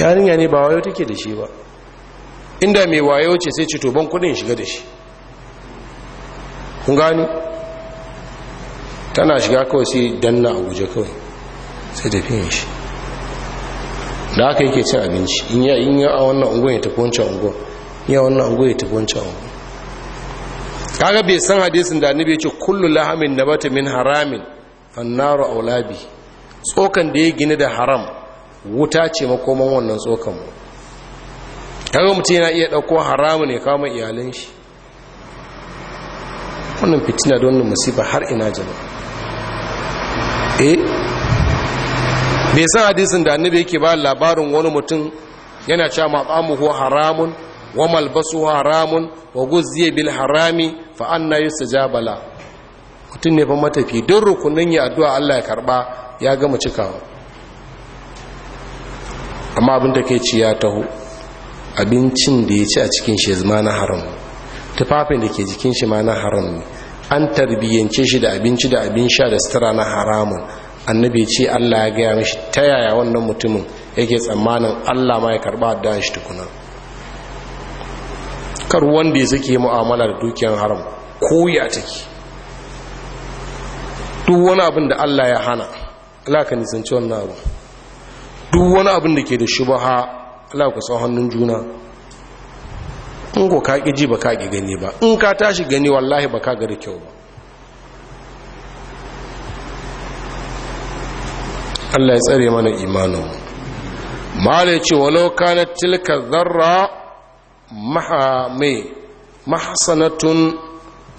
yarinya ne ba wayo take da shi ba inda mai wayo ce sai ce to ban kudin shiga da shi kun gani tana shiga kawai sai danna a guje kawai sai tafi yin shi da haka yake cin abinci in ya a wannan unguwa ya tafi wancan unguwa in ya wannan unguwa ya tafi wancan unguwa kaga bai san hadisin da annabi yace kullu lahamin nabata min haramin fannaru aulabi tsokan da ya gina da haram wuta ce makoman wannan tsokan mu kaga mutum yana iya dauko haramu ne kama iyalin shi wannan fitina don wannan musiba har ina jama'a bai san hadisin da annabi yake ba labarin wani mutum yana cewa mat'amuhu haramun wa malbasu haramun wa guzziya bil harami fa anna bala mutum ne ba matafi don rukunin ya addu'a Allah ya karba ya gama cikawa amma abin da kai ci ya taho abincin da ya ci a cikin shi zama na haram tufafin da ke jikin shi ma na haram an tarbiyyance shi da abinci da abin sha da sutura na haramun annabi ce Allah ya gaya mashi ta yaya wannan mutumin yake tsammanin Allah ma ya karba da shi tukuna kar wanda ya sake mu'amala da dukiyar haram ko ya take duk wani abin da Allah ya hana Allah ka nisanci wannan abu duk wani abin da ke da shubaha Allah ku san hannun juna in ko ka ji ba ka gani ba in ka tashi gani wallahi ba ka ga da kyau ba Allah ya tsare mana imanin mala ce walau kana tilka zarra mahame mahsanatun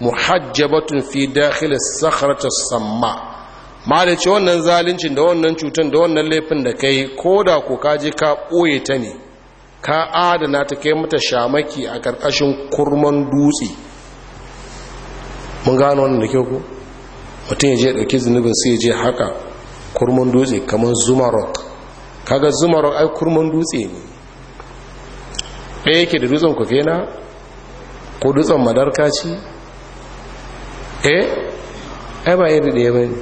muhajjabatun fi dakhil as-sakhrati samma mala ce wannan zalincin da wannan cutan da wannan laifin da kai koda ko ka je ka boye ta ne ka adana ta kai mata shamaki a karkashin kurman dutse mun gano wannan da kyau ko mutum ya je dauki zunubin sai ya je haka kurmin dutse kamar zumarok kaga zumarok ai kurmin dutse ne ɗaya yake da dutsen na? ko dutsen madarka ce eh ai ba yadda ɗaya ba ne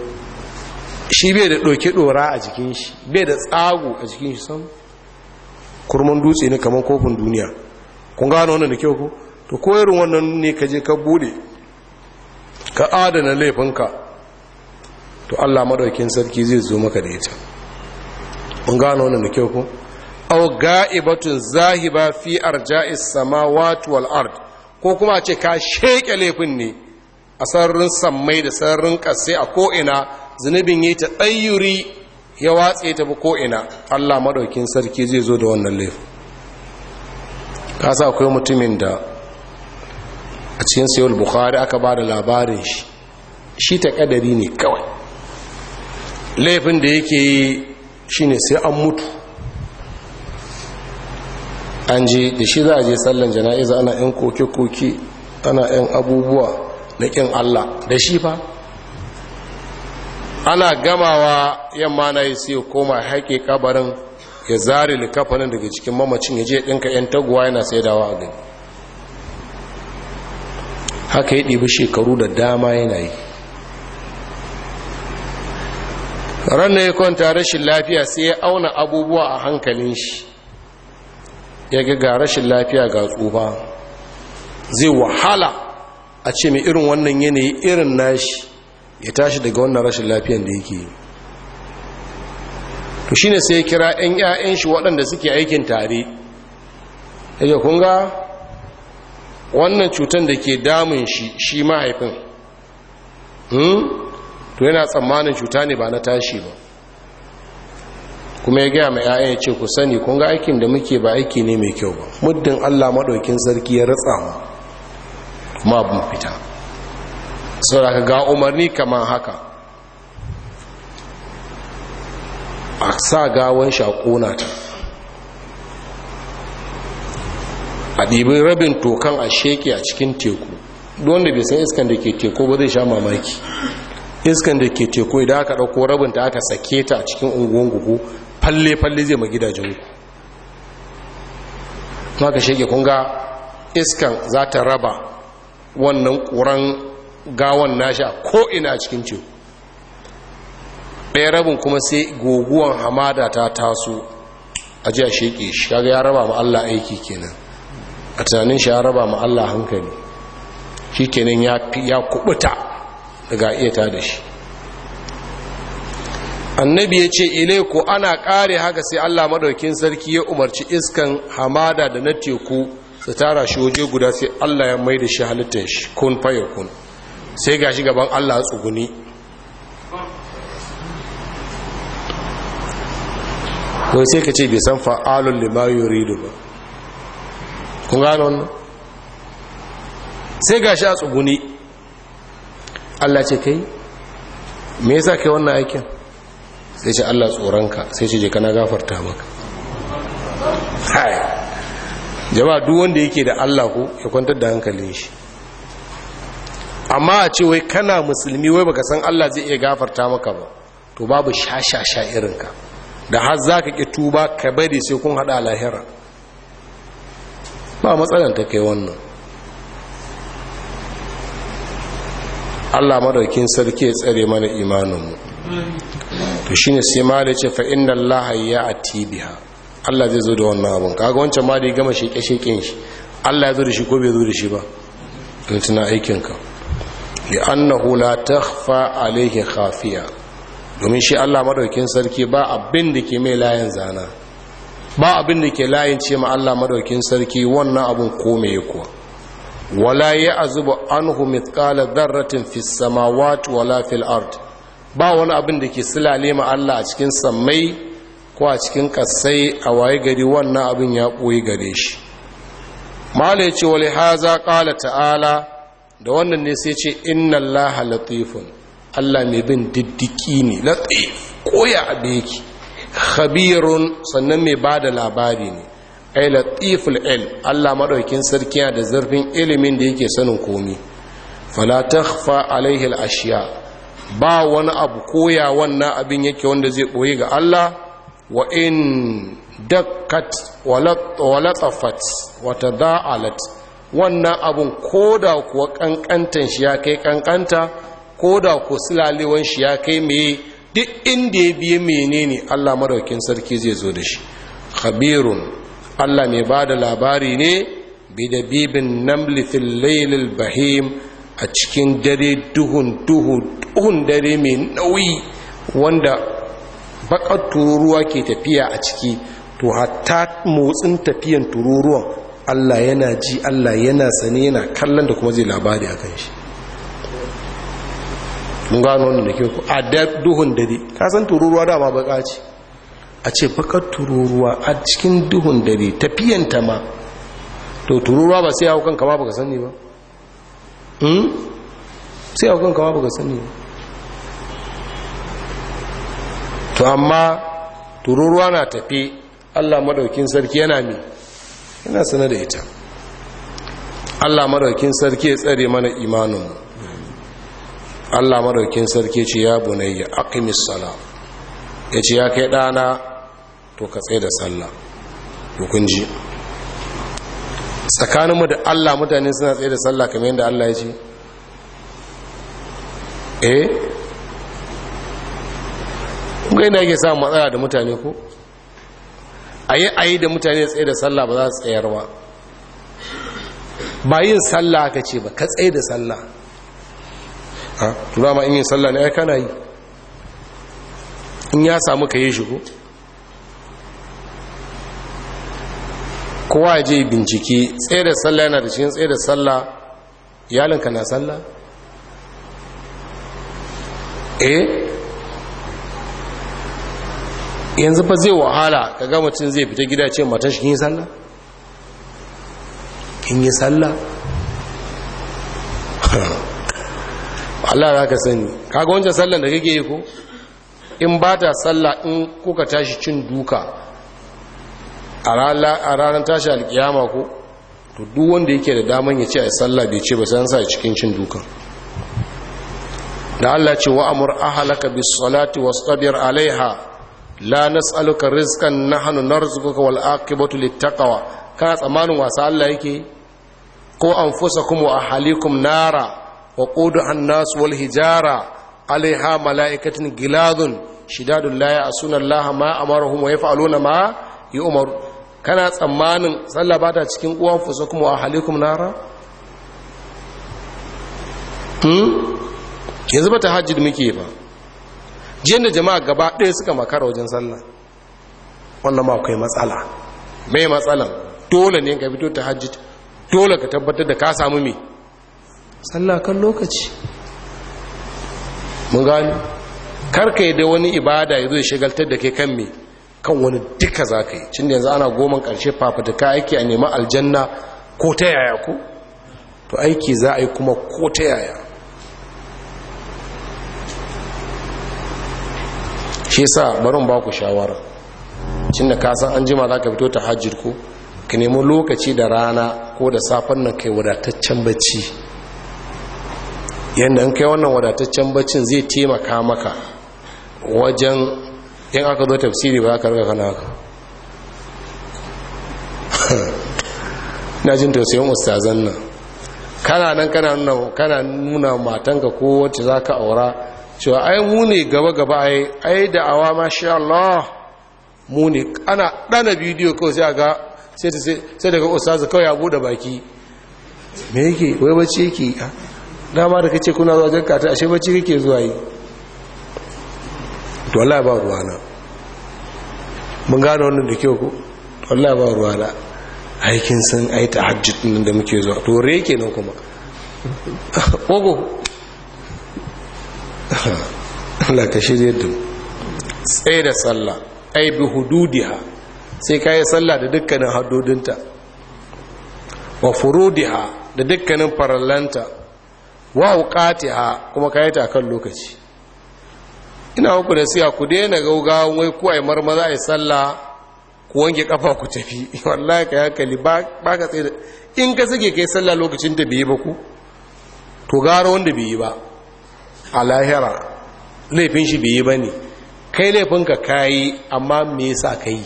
shi bai da ɗauke ɗora a jikin shi bai da tsago a jikin shi sam kurmin dutse ne kamar kofin duniya kun gano wannan da kyau ko to koyarwa wannan ne ka je ka bude ka adana laifinka to Allah madaukin sarki zai zo maka da ita mun gano wannan da kyau ko aw ga'ibatun zahiba fi arja'is samawati wal ard ko kuma ce ka sheke laifin ne a sararin sammai da sararin kasai a ko ina zunubin yi ta tsayuri ya watse ta ko ina Allah madaukin sarki zai zo da wannan laifin sa akwai mutumin da a cikin sayar bukhari aka ba da labarin shi shi ta kadari ne kawai laifin da yake yi shine sai an mutu an je da shi za a je tsallon jana'iza ana yan koke-koke ana yan abubuwa na ƙin allah da shi fa ana gamawa yamma na yi sai koma haƙe kabarin ya zare likafanin daga cikin mamacin ya je ɗinka 'yan taguwa yana saidawa a gani haka ya ɗibi shekaru da dama yana yi ranar ya kwanta rashin lafiya sai ya auna abubuwa a hankalin shi ya ga rashin lafiya ga tsufa zai wahala a ce mai irin wannan yanayi irin nashi ya tashi daga wannan rashin lafiyan da yake to shi sai ya kira 'yan 'ya'yan shi waɗanda suke aikin tare yake kunga wannan cutar da ke damun shi shi mahaifin hmm? to yana tsammanin cuta ne ba na tashi ba kuma ya gaya mai ya'yan ya ce ku sani kun ga aikin da muke ba aiki ne mai kyau ba muddin allah maɗaukin sarki ya ratsa mu kuma abin fita saboda ga umarni kamar haka a sa gawan shi a ta a ɗibin rabin tokan a sheke a cikin teku wanda bai san iskan da ke teku ba zai sha mamaki iskan da ke teku idan aka ɗauko rabin da aka sake ta a cikin unguwan gugu falle-falle zai ma gidajen ku maka shege kunga iskan za ta raba wannan ƙuran gawan nashi a ko'ina cikin teku ɗaya rabin kuma sai guguwan hamada ta taso a ji a shi kaga ya raba ma Allah aiki kenan a tunanin shi ya raba ma Allah hankali shi kenan ya kubuta daga iya ta da shi annabi ya ce ilaiku ana kare haka sai allah maɗaukin sarki ya umarci iskan hamada da na teku su tara shi waje guda sai allah ya mai da shi halittar shi kun fayar kun sai ga shi gaban allah tsuguni wai sai ka ce bai san fa'alun limayu rido ba kun gano wannan sai ga shi a tsuguni Allah ce kai me yasa kai wannan aikin sai ce Allah tsoronka sai ce je kana gafarta maka hai jama'a duk wanda yake da Allah ko ya kwantar da hankalin shi amma a ce wai kana musulmi wai baka san Allah zai iya gafarta maka ba to babu shashasha irinka da har zaka ki tuba ka bari sai kun haɗa lahira ba matsalan ta kai wannan Allah madaukin sarki ya tsare mana imaninmu to shine sai malai ce fa inna Allah ya'ti biha Allah zai zo da wannan abun kaga wancan ma da ya gama sheke sheken shi Allah ya zo da shi ko bai zo da shi ba to tana aikin ka li annahu la takhfa alayhi khafiya domin shi Allah madaukin sarki ba abin da ke mai layin zana ba abin da ke layin ce ma Allah madaukin sarki wannan abun ko me kuwa wala ya zuba anhu mithqala dharratin fis samawati wala fil ard ba wani abin da ke silale ma Allah a cikin sammai ko a cikin kasai a waye gari wannan abin ya koyi gare shi mala yace wali haza qala ta'ala da wannan ne sai ce inna Allah latifun Allah mai bin diddiki ne latif koya abeki khabirun sannan mai bada labari ne ay latiful ilm Allah madaukin sarki yana da zarfin ilimin da yake sanin komi fala takhfa ashiya ba wani abu koya wannan abin yake wanda zai boye ga Allah wa in dakkat wa wata wa wannan abun koda kuwa kankantan shi ya kai kankanta koda ku silalewan shi ya kai me duk inda ya biye menene Allah madaukin sarki zai zo da shi khabirun Allah mai ba da labari ne bibin bibin namlifin lailil bahim a cikin dare duhun duhu duhun dare mai nauyi wanda bakar tururuwa ke tafiya a ciki to hatta motsin tafiyan tururuwan Allah yana ji Allah yana sane yana kallon da kuma zai labari a kan shi mun gano wanda da ke ku a duhun dare ka san tururuwa dama baka ce a ce fakar tururuwa a cikin duhun dare tafiyanta ma to tururuwa ba sai hau kanka ma baka sani ba hmm? sai hau kanka ma baka sani ba to amma tururuwa na tafi allah madaukin sarki yana mi yana sana da ita allah madaukin sarki ya tsare mana imanin allah madaukin sarki ce ya bunayya aqimis sala ya ce ya kai dana to ka tsaye da sallah hukunci tsakaninmu da allah mutane suna tsaye da sallah kamar yadda allah ya ce eh kuma yana yake samun matsala da mutane ko a yi a yi da mutane tsaye da sallah ba za su tsayar ba ba yin sallah ka ce ba ka tsaye da sallah ha tura ma in yin sallah ne ai kana yi in ya samu ka yi shigo kowa ya je bincike tsaye da sallah yana da cikin tsaye da sallah yalinka na sallah eh yanzu fa zai wahala ka ga mutum zai fita gida ce matan shi kin yi sallah kin yi sallah Allah za ka sani kaga wancan sallan da kake yi ko in ba ta sallah in kuka tashi cin duka a ranar tashi alkiyama ko to duk wanda yake da daman ya ce a sallah bai ce ba sai an sa cikin cin duka. da Allah ce wa amur ahlaka bis salati wastabir alaiha la nas'aluka rizqan nahnu narzuquka wal aqibatu littaqwa ka tsamanin wasa Allah yake ko anfusakum wa ahalikum nara wa quduha an-nas wal hijara alaiha mala'ikatun giladun shidadun la ya'suna Allah ma amaruhum wa yaf'aluna ma yu'maru kana tsammanin sallah ba ta cikin uwan fusa kuma a halikum nara? hmm yanzu ba ta hajji muke ba jiyan da jama'a gaba ɗaya suka makara wajen sallah wannan ma kai matsala mai matsalan dole ne ka fito ta hajji dole ka tabbatar da ka samu mai sallah kan lokaci mun gani karka yi da wani ibada ya zo ya da ke kan mai kan wani duka za ka yi cin da yanzu ana goman ƙarshe fafutuka aiki a nema aljanna ko ta yaya ko to aiki za a yi kuma ko ta yaya shi sa barin ba ku shawara cin da kasan an jima za ka fito ta hajji ko ka nemi lokaci da rana ko da safen nan kai wadataccen bacci yadda an kai wannan wadataccen baccin zai taimaka maka wajen in aka zo tafsiri ba ka kana haka na jin tausayin ustazan nan kana nan kana nuna kana nuna matanka ko wacce za ka aura cewa ai mu ne gaba-gaba ai ai da awa masha Allah mu ne ana dana bidiyo ko sai ga sai daga ustazu kawai ya bude baki me yake wai bace yake dama da kace kuna zuwa jankata ashe bace kake zuwa yi to Allah ba ruwana mun gane wannan da kyau ko to Allah ba ruwana aikin san ai tahajjud din da muke zuwa to re nan kuma ogo Allah ka shirye da tsaye da sallah ai bi hududiha sai ka yi sallah da dukkanin haddodinta wa furudiha da dukkanin farallanta wa wuƙatiha kuma ka yi ta kan lokaci ina muku da siya ku daina gauga wai ku ai marmaza ai sallah ku wanke kafa ku tafi wallahi ka hankali ba ka tsaye in ka sake kai sallah lokacin da bai ba ku to gara wanda bai yi ba a lahira laifin shi bai yi ba ne kai laifin ka kayi amma me yasa ka yi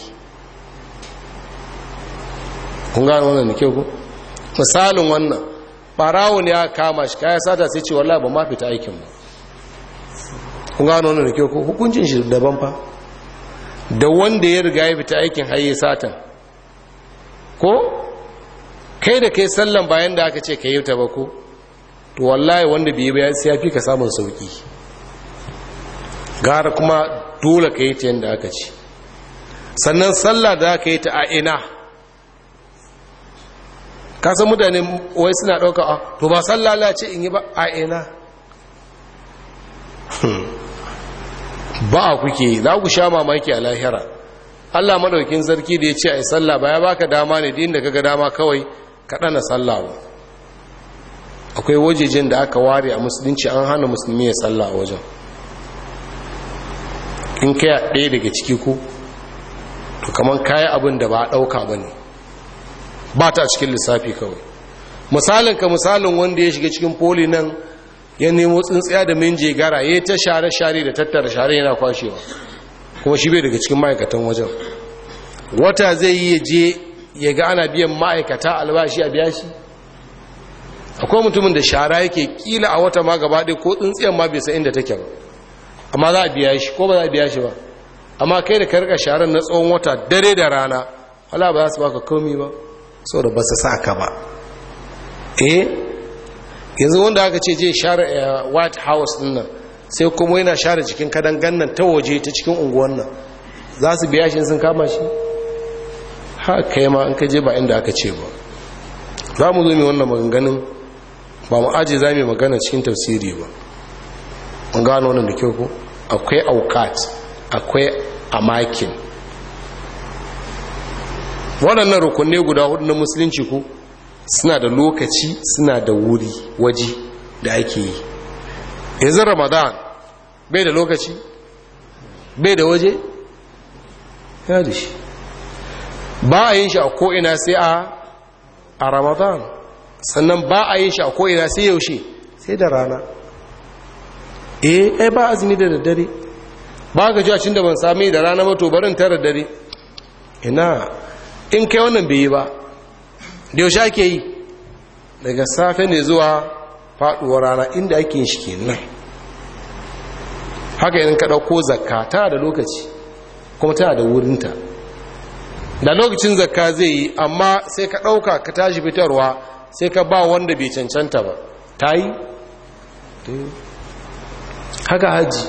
kun gano wannan da kyau ku misalin wannan barawo ne ya kama shi kayan sata sai ce wallahi ba ma fita aikin mu. kun gano wannan da kyau ko hukuncin shi daban fa da wanda ya riga ya fita aikin haye satan ko kai da kai sallan bayan da aka ce ka yi ta ba ko to wallahi wanda bai ba sai ya fi ka samun sauki gara kuma dole ka yi ta yadda aka ce sannan sallah da aka yi ta a ina kasan mutane wai suna ɗauka a ah, to ba sallah ce in yi ba a ina ba kuke za ku sha mamaki a lahira Allah madaukin sarki da ya ce a yi sallah ba ya baka dama ne din da kaga dama kawai ka na sallah ba akwai wajejen da aka ware a musulunci an hana musulmi ya sallah a wajen in kaya a ɗaya daga ciki ku, to kamar kayan abin da ba a ɗauka ba ne ba ta cikin lissafi kawai misalin ka misalin wanda ya shiga cikin poli nan ya nemo tsintsiya da minje gara ya ta share share da tattara share yana kwashewa kuma shi bai daga cikin ma'aikatan wajen wata zai yi je ya ga ana biyan ma'aikata albashi a biya shi akwai mutumin da shara yake kila a wata ma gaba ɗaya ko tsintsiyan ma bai san inda take ba amma za a biya shi ko ba za a biya shi ba amma kai da ka rika sharan na tsawon wata dare da rana wala ba za su baka komi ba saboda ba su sa ka ba eh yanzu wanda aka ce je share eh, white house din nan sai kuma yana share cikin kadangan nan ta waje ta cikin unguwan nan za su biya shi sun kama shi ha kai ma an kaje ba inda aka ce ba za mu zo mai wannan maganganun ba mu aje za mu magana cikin tafsiri ba An gano wannan da kyau akwai aukat akwai amakin waɗannan rukunne guda hudu na musulunci ko suna da lokaci suna da wuri waje da ake yi yanzu ramadan bai da lokaci bai da waje ya da shi ba a yin shi a ko'ina sai a a ramadan sannan ba a yin shi a ko'ina sai yaushe sai da rana eh ai ba azumi da daddare ba ga cin da ban sami da rana mato barin tara dare ina in kai wannan bai yi ba da yaushe ake yi daga safe ne zuwa faduwar rana inda ake yin shi kenan haka yin ka ɗauko zakka ta da lokaci kuma ta da wurinta da lokacin zakka zai yi amma sai ka ɗauka ka tashi fitarwa sai ka ba wanda bai cancanta ba ta yi haka hajji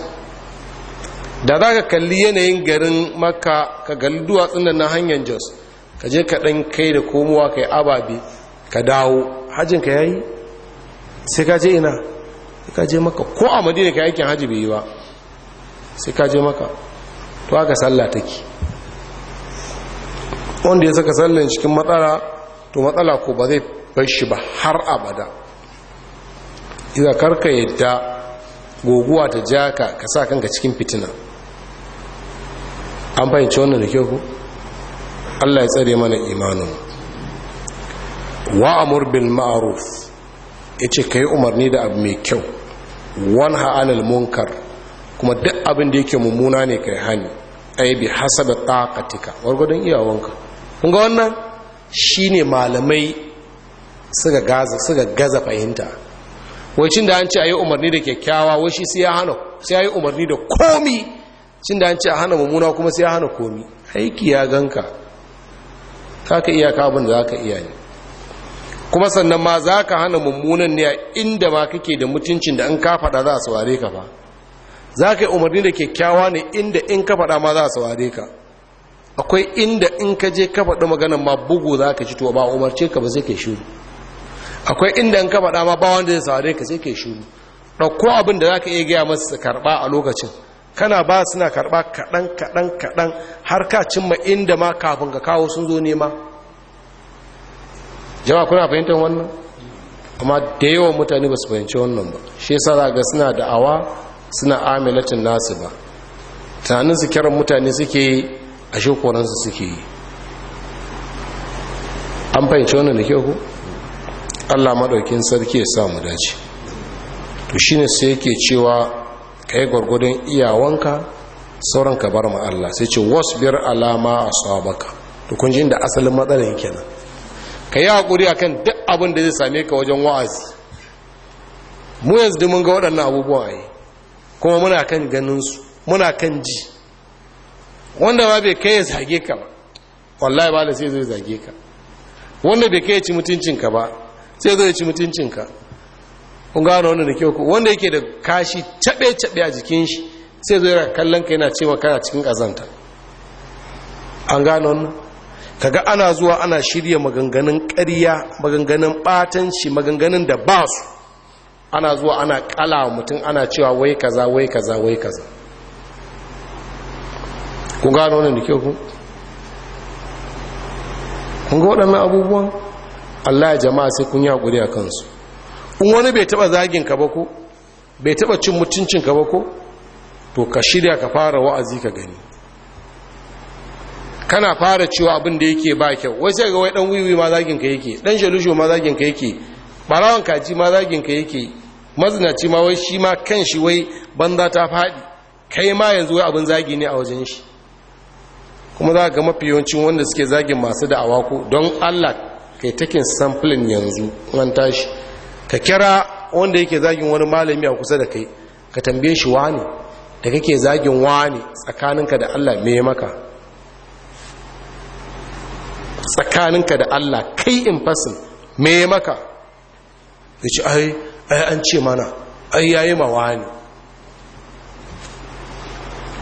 da za ka kalli yanayin garin makka ka galli duwatsun nan na hanyar jos ka je ka ɗan kai da komowa ka yi ababe ka dawo hajjinka ya yi sai ka je ina sai ka je maka ko a madina ka aikin hajji bai yi ba sai ka je maka to haka sallah take wanda ya saka sallan cikin matsala to matsala ko ba zai bar shi ba har abada iza karka yadda goguwa ta jaka ka sa kanka cikin fitina an fahimci wannan da kyau ku Allah ya tsare mana imanin wa'amur bil ma'ruf yace kai umarni da abu mai kyau wani anil munkar kuma duk abin da yake mummuna ne kai hani ai bi hasaba taqatika wargwadon iyawanka kun ga wannan shine malamai suka gaza gaza fahimta wai cin da an ce ayi umarni da kyakkyawa wai shi sai ya hana sai ayi umarni da komi cin da an ce a hana mummuna kuma sai ya hana komi aiki ya ganka za ka iya kabin za ka iya yi kuma sannan ma za ka hana mummunan ne a inda ma kake da mutuncin da an ka faɗa za a saware ka ba za ka yi umarni da kyakkyawa ne inda in ka faɗa ma za a saware ka akwai inda in ka je ka faɗi maganan ma bugu za ka ci to ba umarce ka ba sai ka shiru akwai inda in ka faɗa ma ba wanda zai saurare ka sai ka shiru ɗauko abin da za ka iya gaya masu karɓa a lokacin kana ba suna karba kaɗan kaɗan kaɗan har ka cimma inda ma kafin ka kawo sun zo nema jama kuna fahimtar wannan amma da yawan mutane ba su fahimci wannan ba shi sa za ga suna awa suna amilatin nasu ba tunanin su kiran mutane suke yi a shekoransu suke yi an fahimci wannan da ke ku allah maɗaukin sarki ya samu dace to shi ne sai yake cewa ka yi gwargwadon iyawanka sauran ka bar ma'alla Allah sai ce wasu biyar alama a sabaka to kun jin da asalin matsalar kenan ka yi haƙuri akan duk abin da zai same ka wajen wa'azi mu yanzu mun ga waɗannan abubuwa yi kuma muna kan ganin su muna kan ji wanda ba bai kai ya zage ka ba wallahi ba da sai zai zage ka wanda bai kai ya ci mutuncinka ba sai zai ci mutuncinka kun gano wannan da ke ko wanda yake da kashi tabe tabe a jikin shi sai zo yana kallon ka yana cewa kana cikin kazanta an gano wannan kaga ana zuwa ana shirya maganganun ƙarya maganganun batanci maganganun da ba su ana zuwa ana kala mutum ana cewa wai kaza wai kaza wai kaza ku gano wannan da ke ku kun ga waɗannan abubuwan Allah ya jama'a sai kun yi haƙuri a kansu in wani bai taba zagin ka ba ko bai taba cin mutuncin ka ba ko to ka shirya ka fara wa'azi ka gani kana fara cewa abin da yake ba kyau wai sai ga wai dan wiwi ma zagin ka yake dan shalushu ma zagin ka yake barawan kaji ma zagin ka yake mazinaci ma wai shi ma kan shi wai banza ta faɗi kai ma yanzu wai abin zagi ne a wajen shi kuma za ga mafi yawancin wanda suke zagin masu da'awa ko don allah kai takin samplin yanzu an tashi ka kira wanda yake zagin wani malami a kusa da kai ka tambaye shi wani da kake zagin wani tsakaninka da Allah me maka tsakaninka da Allah kai in fasin me maka ya ce ai ai an ce mana ai yayi ma wani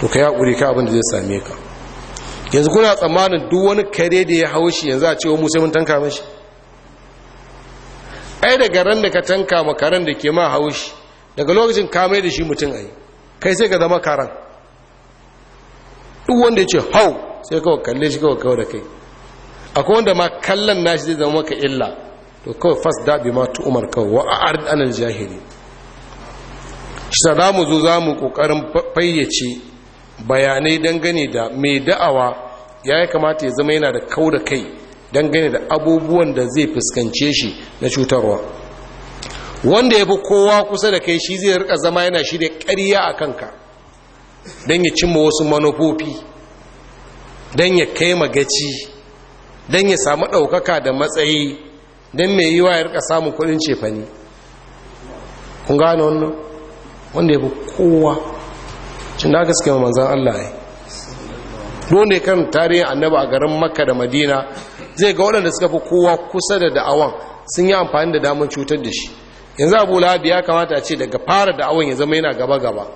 to ka yaƙuri ka abin da zai same ka yanzu kuna tsammanin duk wani kare da ya haushi yanzu a cewa mun tanka mashi ai daga ran da ka tanka makaran da ke ma haushi daga lokacin ka mai da shi mutum ai kai sai ka zama karan duk wanda ya ce hau sai kawai kalle shi kawai kawo da kai akwai wanda ma kallon nashi zai zama maka illa to kawai fas daɗi ma tu umar kawo wa a ard anal shi za mu zo za mu ƙoƙarin fayyace bayanai dangane da mai da'awa ya yi kamata ya zama yana da kawo da kai dangane da abubuwan da zai fuskance shi na cutarwa wanda ya fi kowa kusa da kai shi zai rika zama yana shi da ƙarya a kanka don ya cimma wasu manufofi don ya kai magaci don ya samu ɗaukaka da matsayi don mai yiwa ya rika samun kudin cefani kun gane wannan wanda ya fi kowa cin da gaske manzan Allah ya don ne kan tarihin annaba a garin makka da madina zai ga waɗanda suka fi kowa kusa da da'awan sun yi amfani da damar cutar da shi yanzu abu lahabi ya kamata ce daga fara da'awan ya zama yana gaba gaba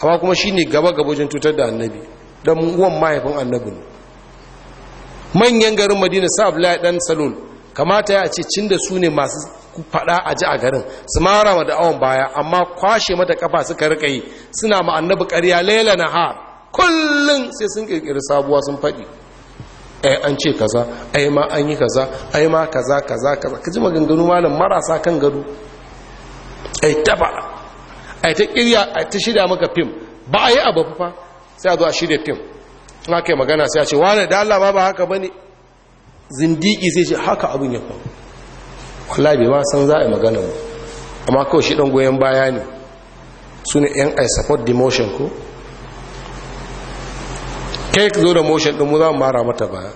amma kuma shi ne gaba gaba wajen cutar da annabi don uwan mahaifin annabi ne manyan garin madina sa abdullahi dan salon kamata ya ce cin da su ne masu faɗa a ji a garin su mara ma da'awan baya amma kwashe mata kafa suka rika yi suna ma annabi ƙarya laila na har kullum sai sun ƙirƙiri sabuwa sun faɗi ai eh, an ce kaza ai ma an yi kaza ai ma kaza kaza kaza kaji maganganu malam marasa kan gado ai taba ai ta kirya ai ta shirya maka fim ba a yi abu fa sai a zo a shirya fim na kai magana sai a ce wane da Allah ba ba haka bane zindiki sai ce haka abin ya fa wallahi bai ma san za a yi magana ba amma kawai shi dan goyen baya ne su ne yan i support demotion ko kai ka zo da motion ɗin mu za mu mara mata baya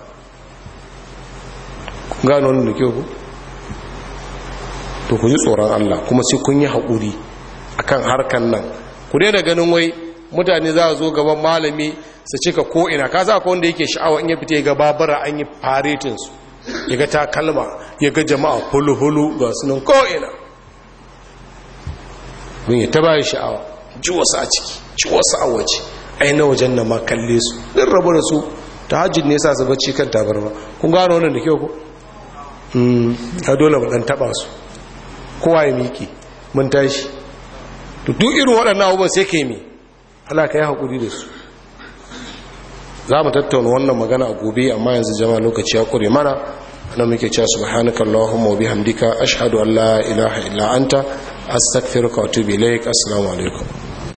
gano wani da ke ku to ku yi tsoron allah kuma sai kun yi haƙuri a kan harkan nan ku daina ganin wai mutane za a zo gaban malami su cika ko'ina ka za ka wanda yake sha'awa in ya fita ga babura an yi faretinsu ya ga takalma ya ga jama'a hulu-hulu ga sunan ko'ina mun yi ta bayan sha'awa ji wasu a ciki ji wasu a waje ai na wajen na ma kalle su din rabu da su ta hajji ne sa su barci kan ba kun gano wannan da kyau ko ta hmm, dole mu dan taba su kowa ya miki mun tashi to duk irin waɗannan abubuwan sai ke mi Allah ka yi hakuri da su za mu tattauna wannan magana a gobe amma yanzu jama'a lokaci ya kure mana ana muke cewa subhanaka allahumma wa bihamdika ashhadu an la ilaha illa anta astaghfiruka wa atubu ilaik assalamu alaikum